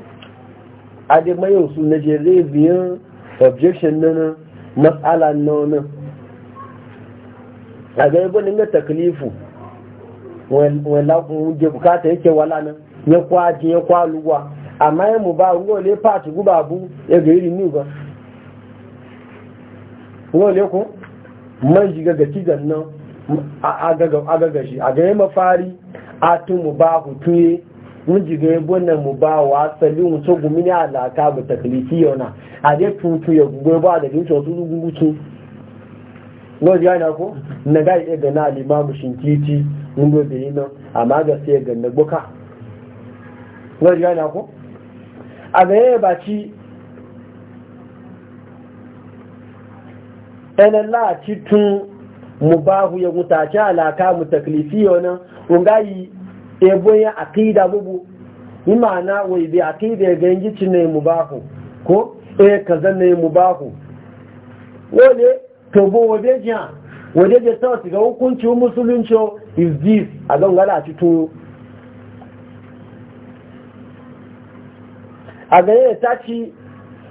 a dai mai yau su na jere biyan objection na na matsala na na a ga yabo ninga taklifu wala je bukata yake wala nan ya kwaje ya kwaluwa amma ya mu ba ngo le pat guba bu ya ga iri ni ba ngo ku ko man jiga ga tigan nan a ga a mafari a tu mu ba ku tuye mun jiga yabo nan mu ba wa sali mu to gumi alaka bu taklifi yona a dai tutu ya gugo ba da din to gugu no ji ana ko na ga iya ga na limamu shinkiti mun go bi nan amma ga sai ga na boka no ji ana ko a ga ya ba ci ɗan la ci tun mubahu ya mutaci alaka mu taklifi yana ungayi ebo ya aqida bubu imana wai bi aqida ya gangi ci ne mubahu ko eh kaza ne mubahu wole to bo waje jiya waje jiya ta shiga hukunci musulunci is this a gangara a cikin a gane da ta ci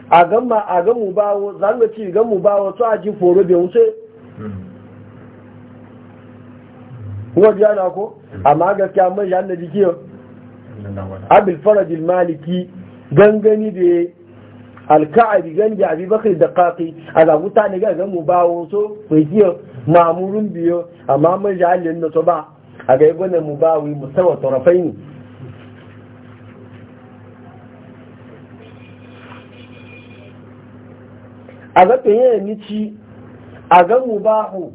a gama a gamu bawo za mu ci gamu bawo to a ji foro bai wuce wajen na ko amma gaskiya mai shi annabi kiyo abil farajil maliki gangani da alka'abi gan jabi bakar da kafi a zaguta ne ga mu bawo so mai kiyo mamurin biyo amma mun ji halin na to ba a ga ibn mu bawo mu sawa ne. a ga tsaye ni ci a ga mu bawo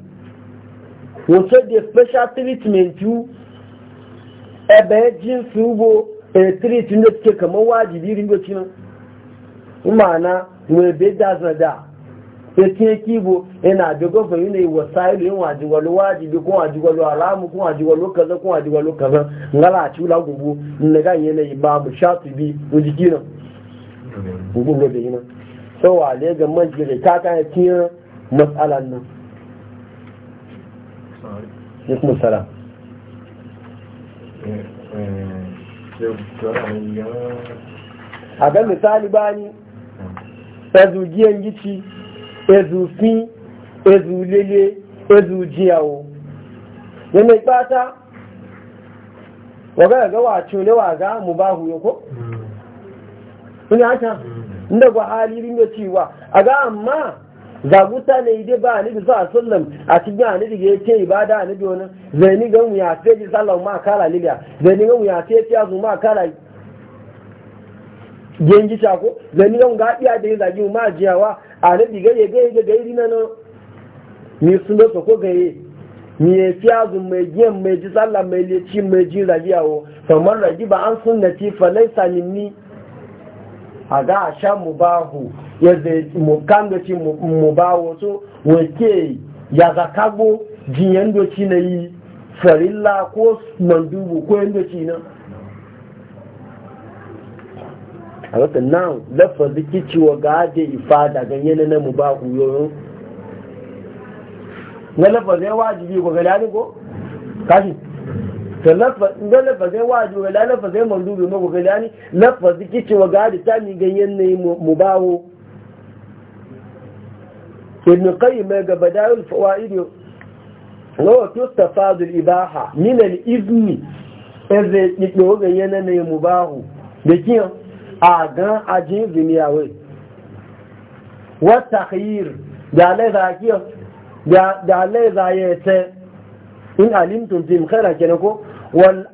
wato da special treatment you ebe jinsu bo e treatment da suke kamar wajibi ringo cinan imana mai bai da zada ya ce kibo yana da gofa yi ne wa sa'ilu yin wajigwalu wajibi ko wajigwalu alamu ko wajigwalu kaza ko wajigwalu kaza ngala a cula gugu na gan yanayi ba sha su bi mu jiki nan gugun gobe yi nan sau a ne ga man jire ta kan tiyan matsalan nan ya kuma a ga misali bani ezu jiyan gici ezu fi ezu lele ezu jiyawo yana ipata waga ga wacin ne waga mu ba huyo ko? ina hmm. haka hmm. inda ba halirin da a ga amma zaguta ne ide ba ni bisa sallam a cikin ni da yake ibada ni da wani zai ni ga ya ce ji sallah ma kala liliya zai ni ga ya ce ya zo gengi shako zani yau ga iya da yin zagi ma jiyawa a nabi gaye gaye ga gairi na nan ni sun da sako gaye ni ya fi azun mai giyan mai ji sallah mai leci mai ji zagi yawo ragi ba an sunnati fa laisa minni a ga a sha mu bahu yadda mu kan da ci so wake ya zakago jiyan doci na yi farilla ko mandubu ko yan doci na a wata nan lafazi kiciwa ga ade ifada ganye na mu ba ku yoyo na lafazin wajibi ko gada ne ko kashi ta ga lafazin wajibi ga lafazin mandubi ma ko gada ne lafazi kiciwa ga ade ta mi ganye ne mu ba ku ibn qayyim ga bada'ul fawaid wa tustafadu al-ibaha min al-izni idan ki na yana ne mubahu da kiyan a gan ajin duniya wai wata khayir da alai za ya ce in alimtum fim khaira kenan ko wal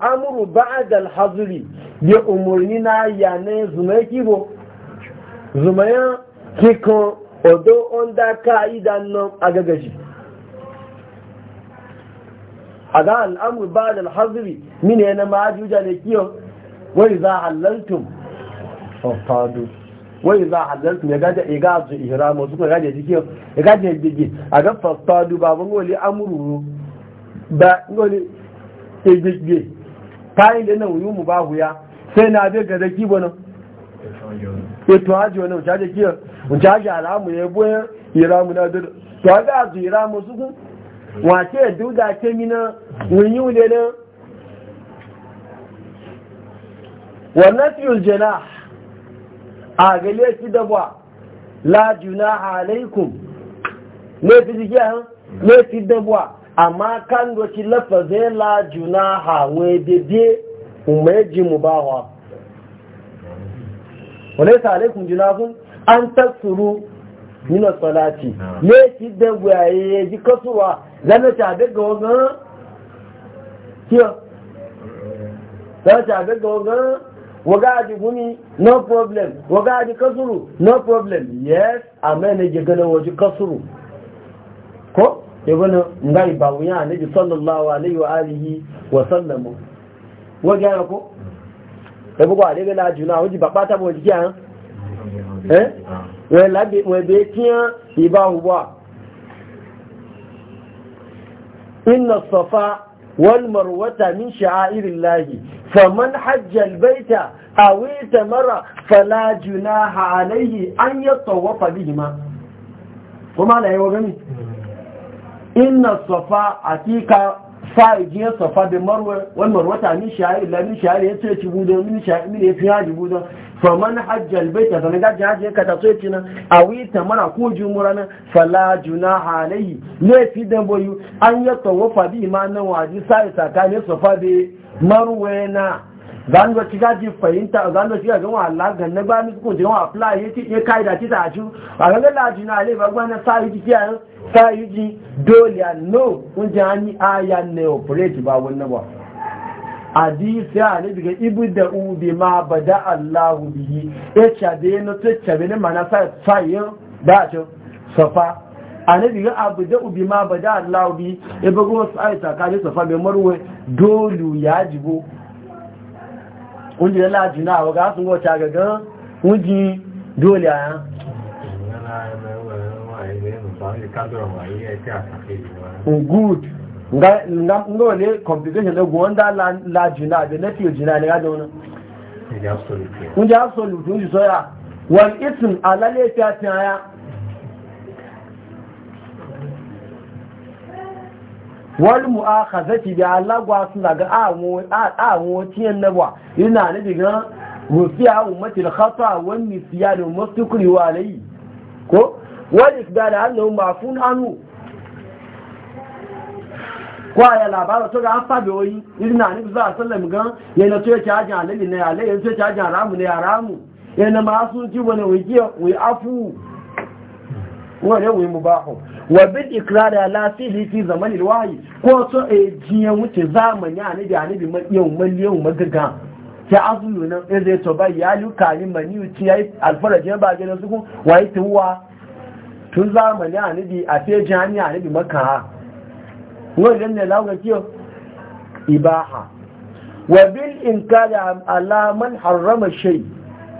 ba a al hazri bi na yanayi ne zuma kibo zuma ya kiko odo onda kaidan no agagaji aga al amru ba'da al hazri mine na ma ajuja ne kiyo wai za a halartun fasadu wai za a zartu ya gaja ya gaja ihramu suka gaja jiki a ga fasadu ba ban wali amuru ba ngoli ya jiki sai na ga zaki ya to wani mu caje ya na wace na wannan a gale shi da ba la junaha alaikum ne fi jiki a ne fi da ba amma kan doki lafazai la junaha wai bebe umarji mu ba wa wale sa alaikum junahun an tasuru nina salati ne fi da gwaye ji kasuwa zana ta daga wagan kiyo zana ta daga wagan wagadi guni no problem wagaji kasuru no problem yes amen ne gana waje kasuru ko ya wani ngai ba wuya ne bi sallallahu alaihi wa alihi wa sallamu waje ya ko ya e bugu ale ga laju na waje babba ta waje ya eh we labi we be tiya iba huwa inna safa والمروة من شعائر الله فمن حج البيت أو اتمر فلا جناح عليه أن يطوف بهما وما لا يوغني إن الصفاء عتيقة ya safa da marwa wani marwata ni shahari la ni shahari ya ce ci da min shahari min ya fi haji budo fa man hajji albaita na gajin haji ka ta tsoye ci nan a wita mana ko jumura na fala juna halayi ne fi dan boyu an yi tawafa bi ma nan waji sa'i tsakanin safa da marwa na zan ga kiga ji fahimta zan ga kiga gan Allah gan na ba ni kun je wa apply ya kai da tita ju a ga la ji na le ba gwa na sai ji kiya sai ji dole no kun ji ani aya ne operate ba wannan ba hadisi ya ne daga ibda u bi ma bada Allah bihi ya e chabe no to chabe ne mana sai sai da ce safa annabi ya abu da ubi ma bada Allah bi e ya bago sai ta kaje safa bai marwe dole ya jibo wunji na lajina a waga sun wata gaga wunji dole a yan good nga wale complication na gwanda lajina da na fiye jina ne gada wani wunji absolute wunji soya wal isim alale fiye fiye wal mu'akhazati bi Allah gwa sun daga awo awo tiyan nabwa ina ne diga rufiya ummatil khata wan nisyan mustaqri wa alai ko wal ikdal annahu mafun anu ko ya labarin to ga an fabe oyi ina ne za sallam gan yana to yake ajin alali ne alai ya to yake ajin ramu ne ramu yana ma sun ji wani wuji wi afu wọ́n yẹ́ wèé mú bá hù wà bí ìkìlára aláfíìlì fi zamani wáyé kó tó èjìyàn wuce zamani nan ní e, tí ya yi bá sukun wà yi tun zamani àníbi àfẹ́jì àní àníbi maka wọ́n kí bí ìkìlára alaman shai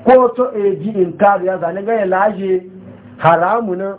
ko to eji inkari ya zane laje haramu náà.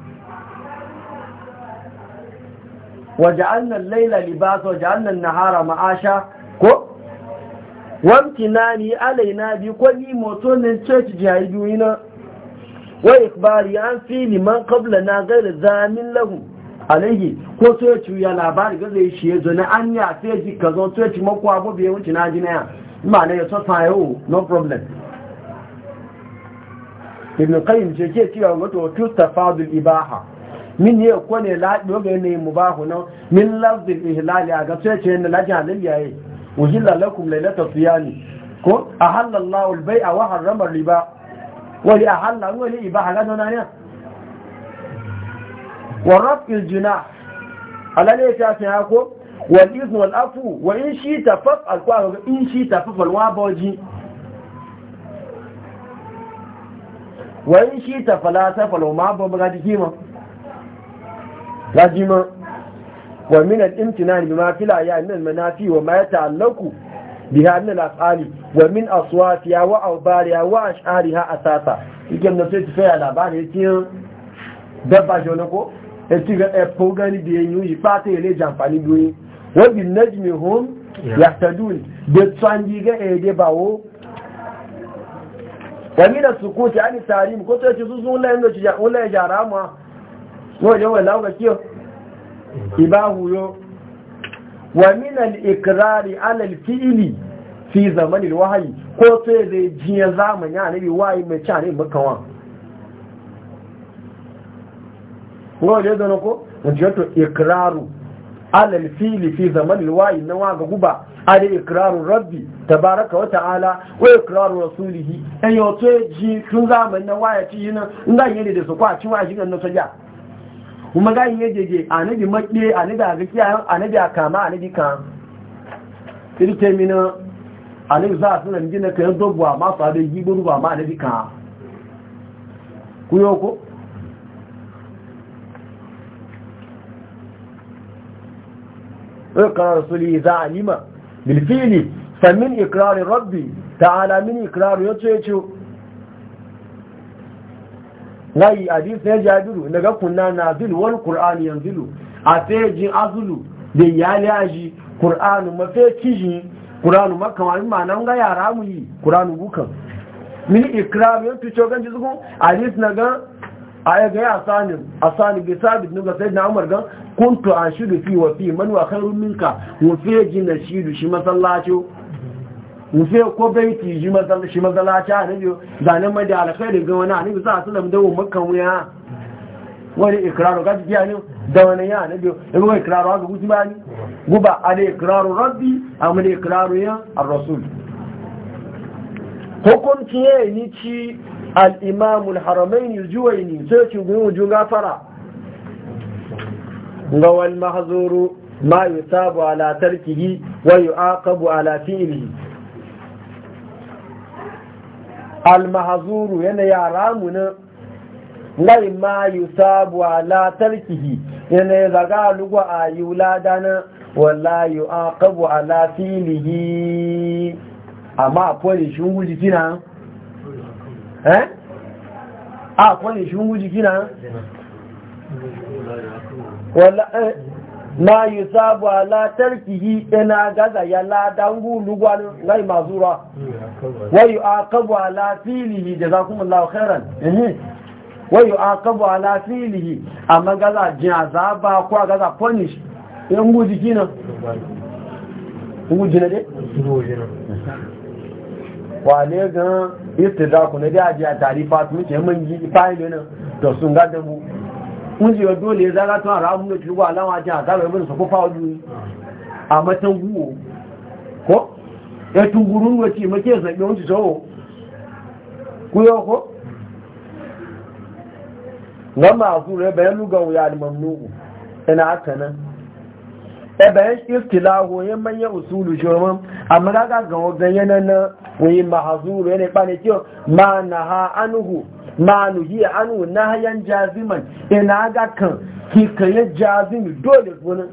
Waje annan وجعلنا الليل لباسا وجعلنا النهار معاشا ko na wamtinani alaina bi kwani motonin church jihar biyu na wa ikbari an fi liman qabla na gairu zamin lahu alaihi ko church ya labari ga zai shi yazo na an ya sai ji ka zo church mako abu bai wuce na ji na ya ma na ya tsofa yau no problem ibn qayyim ce ke cewa wato tustafadul ibaha min ye ko ne la do ga ne hu na min lafzil ihlali aga sai ce ne lajin halal yayi uhilla lakum laylata siyami ko ahalla allah al-bai'a wa harrama riba wa li ahalla wa li ibaha ga nan ne wa rafil ala ne ta ce ha ko wa izn wal afu wa in shi tafaf al-qawl in shi tafaf al-wabaji wa in shi tafala tafalo ma ba ga dikima rajima wa min al-imtinani bima fil ayati min manafi wa ma yata'allaqu biha hadhihi al-af'ali wa min aswatiha wa awbariha wa ash'ariha asasa ikem na sai tafiya labari tin dabba jona ko e ti ga e pogani gani bi enyu yi pate ele le jampani bi wa bi najmi hum yahtadun de tsangi ga e de bawo wa min as-sukuti an tarim ko to ci su la yin da ci ja ulla ya jara wala jẹ́ kiyo ibahu yo wa min al wà ala al fili fi zamanin wahyi ko to yẹ zai jiya zamani ya nabi wahayi mai ci ne maka wa wọ́n jẹ́ zanen ko to jẹ́ to al fili fi zamanin wahyi na wa ga guba a da rabbi tabaraka wa ta'ala wa ikirarun rasulihi ayo to ya ji sun zamanin na waya ci yi nan in da yi da su kwa ci wa shi ganin soja kuma ga ya jeje a maɗe anabi a gaskiya nabi a kama nabi kan irke mina nabi za a suna gina kayan ma su haɗe yi gurguwa ma a nabi kan kuyo ko ikrar rasuli za a lima bilfili famin ikirarin rabbi ta'ala min ikirarin yato yato nayi hadisi ya jabiru daga kunna nazilu wal qur'an yanzilu a fejin azulu da yali aji qur'anu mafekiji qur'anu makamani manan ga yara mu yi qur'anu bukan min ikram yantu cogan jizugun hadisi naga aya ga ya sani asani bi sabit nuga sai na umar gan kuntu ashidu fi wa fi man wa khairun minka wa feji nashidu shi masallaci mufe ko baiti ji shi mazalaci a nabi zanen mai da alkhairin na wani za a su da wa makan wuya wani ikirarun gaji biya ne da wani ya nabi ibi wani ikirarun haka guji bani guba a da ikirarun rabbi a mu da ikiraru ya a rasul hukunci ya yi ni ci al'imamul haramaini juwaini sai ci gudun wujun gafara ga wani mahazoro ma sabu ala tarkihi wa bu ala fi'lihi almahazuru yana yara munin lai ma yi ala latarkihi yana ya zaga lugwa a yi ladana wala yi an kabu a amma a kwani kina eh a kwani shi wuji kina wala eh ma yi sabu ala yi ɗana gaza ya ladan gulu gwanu gai mazura wayu aqabu ala filihi jazakumullahu khairan a aqabu ala magaza jina za jin azaba ko gaza punish in guji kina guji ne de wa ne ga istidaku ne da ajiya su muke mun yi fa'ilo ne to sun ga mu kun ji yadda ne zara tun ara mun ci wa lawa ji aka bai bin a matan guwo ko ya tungurun wace make zabe wuce so ku yo ko a ku ya bayan lugan ya al mamnu nan ebe istilahu yin manyan usulu shirman amma kaga ga wajen yana na wani mahazuru yana kwane kiyo ma na ha anuhu ma nuhi anu e na hayan jaziman ina aga kan jazi mi dole gunin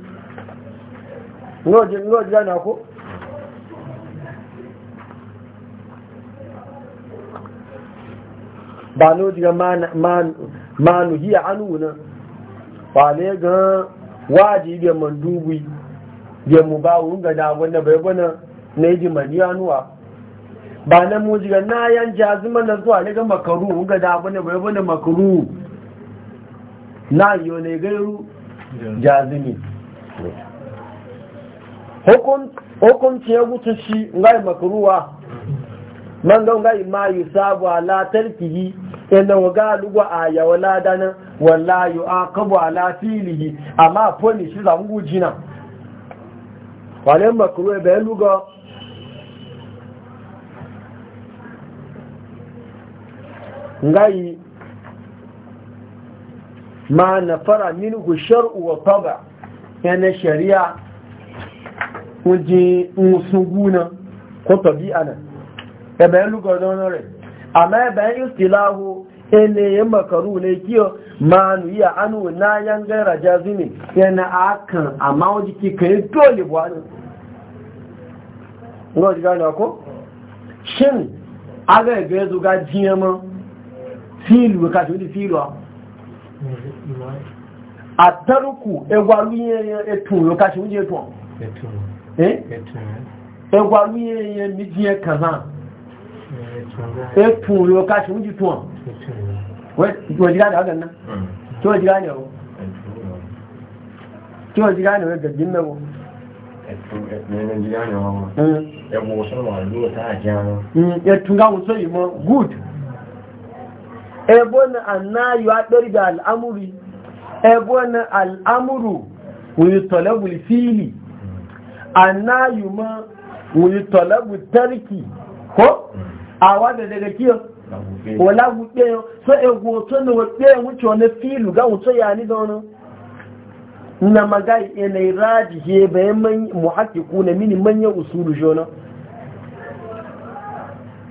roji yana ko ba roji ga ma nuhi anu na ba ga waji da mandubi da mu ba wunga da wanda bai gwana na yi yanuwa ba na mujiga na yan jazi mana zuwa daga makaru wunga da wanda bai gwana makaru na yi wani gairu jazimi hukunci ya wuce shi ngai makaruwa man ga ngai ma yi sabu ala tarkihi yana waga lugwa a yawala danan wala yu'aqabu ala filihi amma poni shi za mu jina wale makru be lugo ngai ma nafara minhu shar'u wa taba yana shari'a uji musuguna ko tabi'ana ebe lugo donore amma ebe istilahu ene ya makaru ne kiyo ma nuya anu na yan gaira jazimi yana akan amma wajen ki kai dole buwani ngo ji gani ko shin aga ebe zo ga jiyama filu ka shi filu a ataruku egwaru yeye etun yo ka shi je tun etun eh etun egwaru yeye mi je kan ha etun ka shi je wai jira da hakan nan hmm. hmm. Hmm. good ẹbọ́ na ànáyọ da al'amuru ẹbọ́ na al'amuru wòye tọ́lẹ̀bù fíìlì ànáyọ mọ́ wòye tarki ko? kó àwádẹ̀dẹ̀dẹ̀ kí ọ wala wuɗe so e goto na wuɗe wuce wani filu ga wuce ya ni zaune na magai yanayi raji he bayan muhakiku na mini manyan usulu jona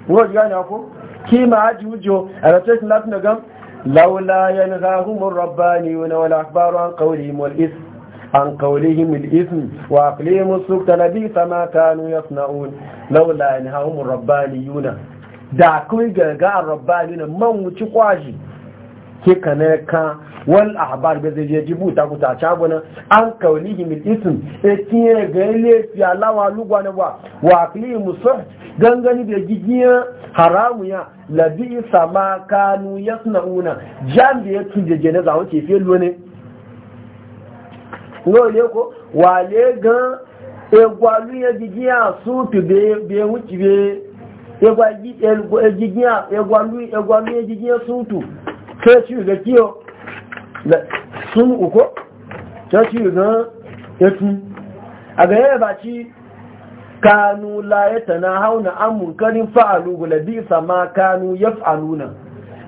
wajen gane ko kima haji wujo a rasu na da gam laula yanzahum ar-rabbaniyuna wal ahbaru an qawlihim wal ism an qawlihim al ism wa aqlihim as-sukta nabi sama kanu yasnaun laula yanzahum ar yuna. da kun gaga a rabbani na man wuci kwashi ke kana ka wal ahbar bai zai ji buta kuta cagunan cago an kaulihi min ism e tiye ga lefi alawa lugwa na ba wa kli Musa, gangani da gigiya haramu ya labi sama kanu ya una jan da ya tuje je na zawo ke fiye ne lole ko wale gan egwalu ya gigiya su fi be wuce be egwalu ejigiya sutu sai ci ga kiyo sun uko ta ci ga yatu a ga yaya ba ci kanu la ya tana hauna an munkarin fa'alu gulabi sama kanu ya fa'aluna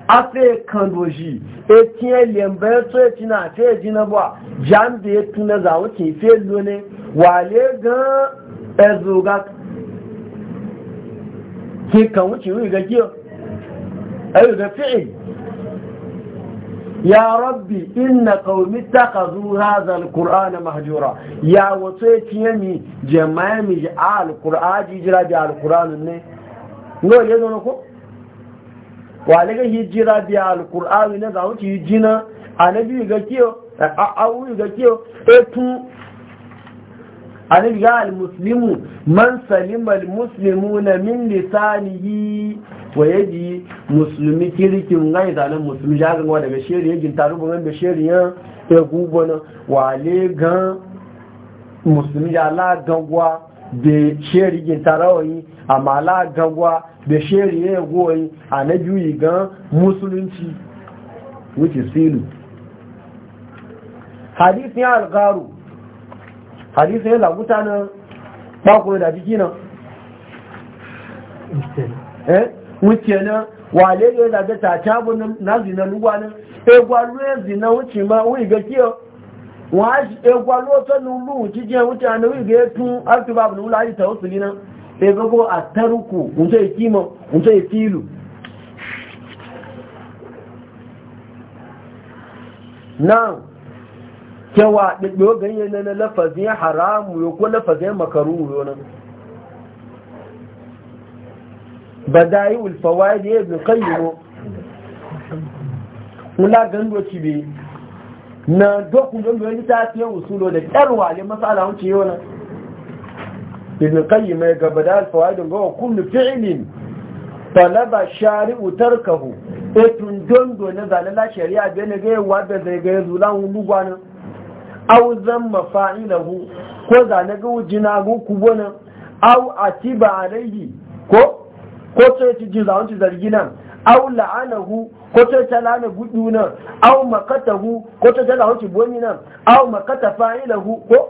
afe kandoji etinye lembe to e eti na ate eji na bua jam da ya tuna zawo ke fe lone wale ga ezoga ke kan wuce wuri gajiyar ayu da fi'i ya rabbi inna qaumi takazu hadha alqur'ana mahjura ya wace tiyami jama'a mi alqur'ani jira bi alqur'ani ne no ya zo ko wale ga hijira bi alqur'ani ne za wuce hijina na biyu gajiyar a awu gajiyar etu annabi al-muslimu man salima na min lisanihi wa yaji musulmi kirkin da nan musulmi ya ga wanda shiri yajin tarubu ban da shiri ya ya Wa le ga musulmi ya la gangwa da shiri yajin tarawai amma la gangwa da shiri ya goyi juyi ga musulunci which is silu hadith ya algaru hadisi ya laguta na bakuru da jiki nan eh wuce na wale ga da ga tata na zina lugwa nan e ya zina wuce ma wuce ga kiyo wa shi e nulu wuce je wuce na wuce ga tun artu babu wuce kima wuce filu kyawa ɗiɗɗo ganye na na lafazin haramu ya ko lafazin makaru nan ba da yi ulfawa da ya bin kayyano mula gando ci bi na dokun don biyan ta fiye usulo da ƙyarwa ne matsala wuce yonan ibn qayyim mai gaba da alfawaidin gawa kullu fi'lin talaba shari'u tarkahu etun dondo na zalala shari'a na gaya wa da zai gaya yanzu lan lugwanin au zan mafa'ilahu ko za zane ga wujina go kubona au atiba alaihi ko ko ce ci ji za ci zargi nan au la'anahu ko ce ta lana gudu nan au makatahu ko ce ta lana boni nan au makata fa'ilahu ko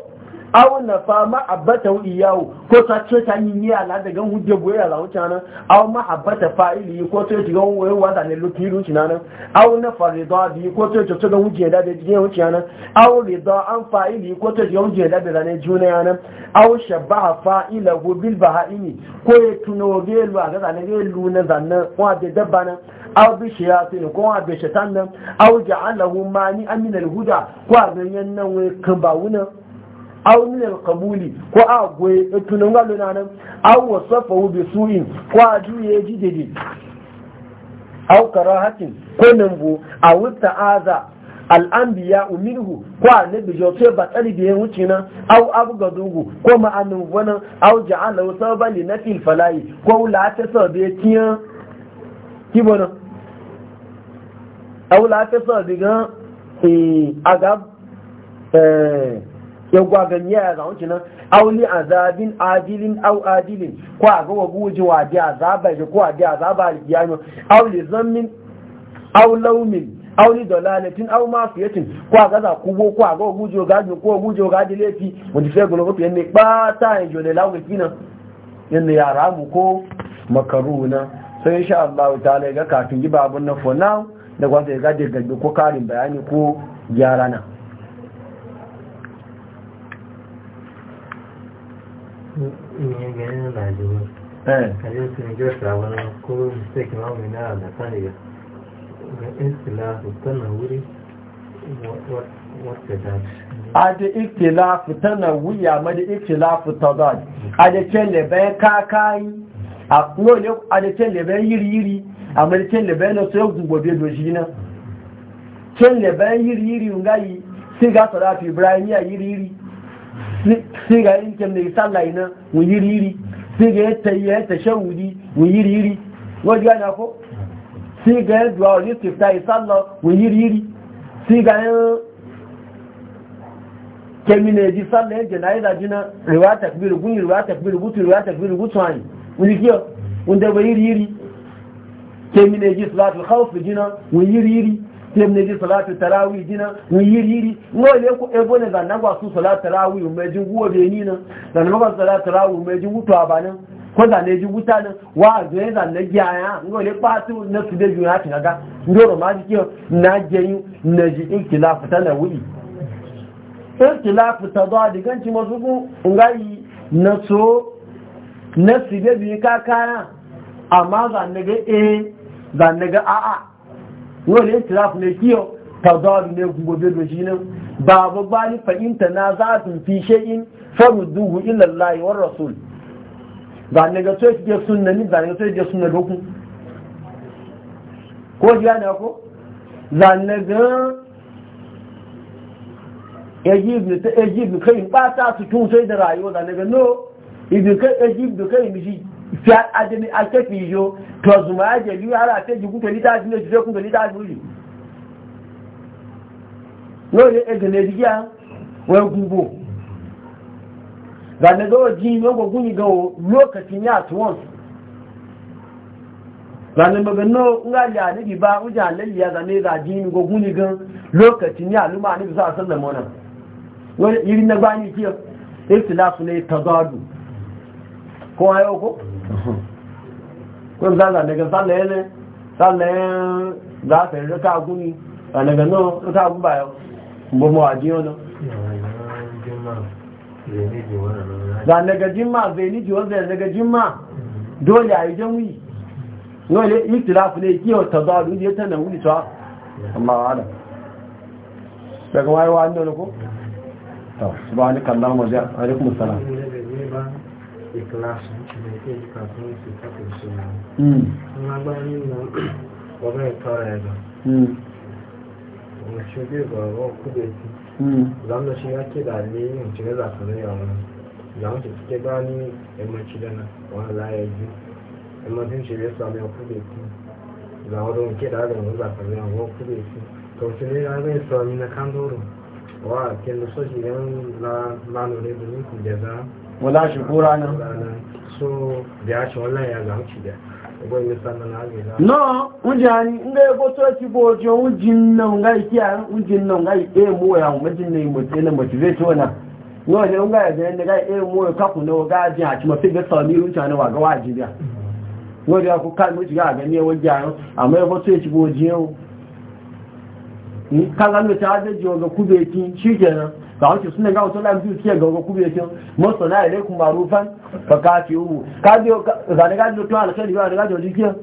aw na fa ma abata iyawo ko ta ce ta yi ni ala daga hujje boye ala wuta nan aw ma abata fa'ili ko ta ce ga wani wanda ne lutu ilu nan aw na fa rida bi ko ta ce ga hujje da da jiye wuta nan aw rida an fa'ili ko ta ce ga hujje da da ne juna nan aw shabaha fa'ila go bil bahaini ko ya tuno ga lu a ga ne ga lu na nan ko a da ban nan aw bi shayatin ko wa bi shaitan nan aw ja'alahu mani amina al huda ko a ganyen nan wai kan ba wunan aw min alqabuli ko a goye e tunan galo na nan aw wasafahu bi su'in ko a juye jididi aw karahatin ko nan bu aw ta'aza al'ambiya minhu ko annabi jo sai ba tsari biyan wuce nan aw abga dugu ko ma'anin wannan aw ja'ala sababan li nafil falayi ko la ta sabe tiyan kibona aw la ta sabe ga eh agab eh ya gwagan ya ya zaunci nan auli azabin adilin au adilin ko a ga wagujin wa da azaba ko a da azaba alkiyami auli zammin au laumin auli dalalatin au mafiyatin ko a gaza kubo ko a ga wagujo gajin ko wagujo gajin laifi wanda sai gulo kofi yanne ba ta yin jole lawaki nan yanne ya ramu ko makaruna sai insha Allah ta'ala ga kafin yi babun nan for now da gwada ya gaje gaje ko karin bayani ko gyara na. a da ikilafu na wuya ma da ikilafu ta zai a da can labayan kakayi a ne a da can labayan yiri-yiri a ma da can labayan na sai gugobe doshi na can labayan yiri-yiri ngayi sai ga sarrafi ibrahim yiri-yiri sai ga yin kyan yi sallah ina mu yi riri sai ga yi mu yi riri ko sai ga sallah mu yi riri sai ga kemi ne ji sallah na yi dajina riwa takbir gun yi riwa takbir gutu riwa takbir gutu wani kiyo wanda bai yi riri kemi ne ji salatul khawf jina mu yi riri ne ji salatu tarawi dina ni yiri yiri ngo le ko ebo ne zanna kwa su salatu tarawih mu ji guwo be ni na zanna kwa salatu tarawih mu ji wuto abanin ko zanne ji wuta nan wa zanne zanne ji aya ngo le pa tu na su de ju ya tin aga ndoro ma ji kiyo na je yu na ji ikhtilafu tanawi ikhtilafu tadadi ganci mazugu ngai na so na su de bi ka kaya amma ne ga eh ne ga a'a wani itiraf ne kiyo tawdar ne gobe da shi nan ba ba ba ni fahimta na za su fi shay'in farudduhu ila Allah wa rasul ba ne ga sai ke sunna ni ba ne sai ke sunna doku ko ji ana ko zanne ga yajib ne ta yajib kai ba ta su tun sai da rayuwa zanne ga no ibn kai yajib da kai mishi fi ajini alkefi yo to zuma aje yi ara te jigu to lita ajini jigu kun to lita ajini no le egene digia we gugu zane do ji no go guni go lokacin ya at once zane maga no nga ya ni bi ba uja lalliya zane za ji ni go guni gan lokacin ya luma ni bisa sallan mona wani irin na bani kiyo ikhtilafu ne tazadu ko ayo ko kun zaza daga sallah yana sallah yana za ta yi rika gumi a daga nan rika gumi ba yau bu mu a jiyo nan za daga jimma zai ni jiwon zai daga jimma dole a yi janwi yau ne iktilafu ta zuwa duk ya tana wuli ta amma wa adam daga wayewa an dole ko? ta subhanakallah wa ìkìláṣì ìgbẹ̀kẹ́ ìkàkùnrin ìkàkùn ìṣòro àwọn agbá nínú ọgbẹ́ ìtọ́ra ẹ̀dọ̀ òmìṣẹ́bí ìgbọ̀rọ̀ kúbẹ̀ tí ìlànà hmm. ṣe yá kéda ìjìnlẹ̀ àtúnlẹ̀ ọ̀rọ̀ kí n lọ yẹn ń la lẹ́dùn ní kùjẹ̀ wala shukura nan so da ya ce wallahi ya ga hukunci da No, ya umajinna imotele motivate ona. No ne nga ya ne nga e no ga ji a chimo fige so mi na wa ga wa ji bia. Wo dia ku kan mu ji ga ga ni e wo ja no, ama yokoto da wace sun ga wasu lamfi su ga gaba kube kin masu na ire marufan fa ka ci u ka zane ga jiyo tuwa alkhairi ba ga jiyo jikiya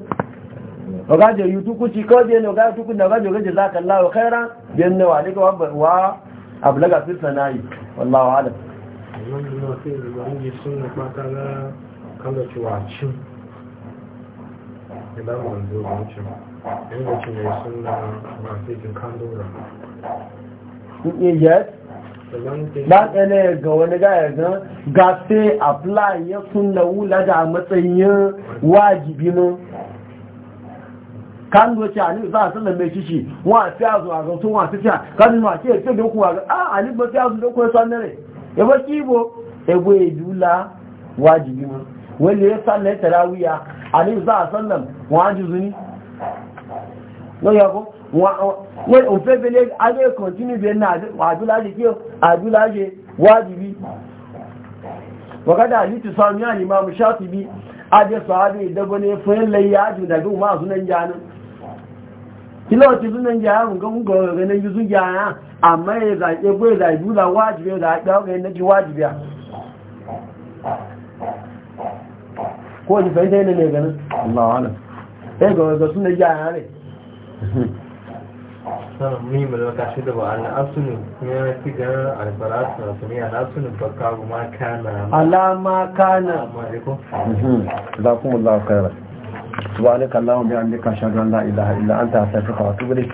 ga yutu ku ci ga na ga ga ne wa ne ga wa ablaga fi wallahu alam yes ba tsane ga wani gaya ga ga sai apply ya sunna wula da matsayin wajibi mu kan doce ali za a sanar mai shishi wa a zuwa ga tun wasu fiya kan ma ke ce da kuwa ga a ah, ali ba fiya zuwa ko san ne e ba kibo e go e dula wajibi mu wani ya sanna tarawiya ali za a sanar wajibi ne no ya ko wọ́n òfẹ́fẹ́lẹ́ adé kọ̀tínú bẹ̀ náà àdúláṣe kí àdúláṣe wájìbí bí adé sọ́hábé ìdọ́gbọ́n ní fún ilẹ̀ yá àjùdàgbò máa súnlẹ̀ jẹ́ kílọ̀ ti súnlẹ̀ jẹ́ àrùn gọ́gọ́gọ́gọ́ ní yíṣú jẹ́ àrùn àmọ́ ẹgbẹ́ ìdà ìdúlà wájìbí sanamni malaka da ba al'asunin ya fi ganin alfaratu na sami ba baka ma kana alama kana za kuma za ka mhm. an la ilaha illa anta astaghfiruka wa atubu ilayk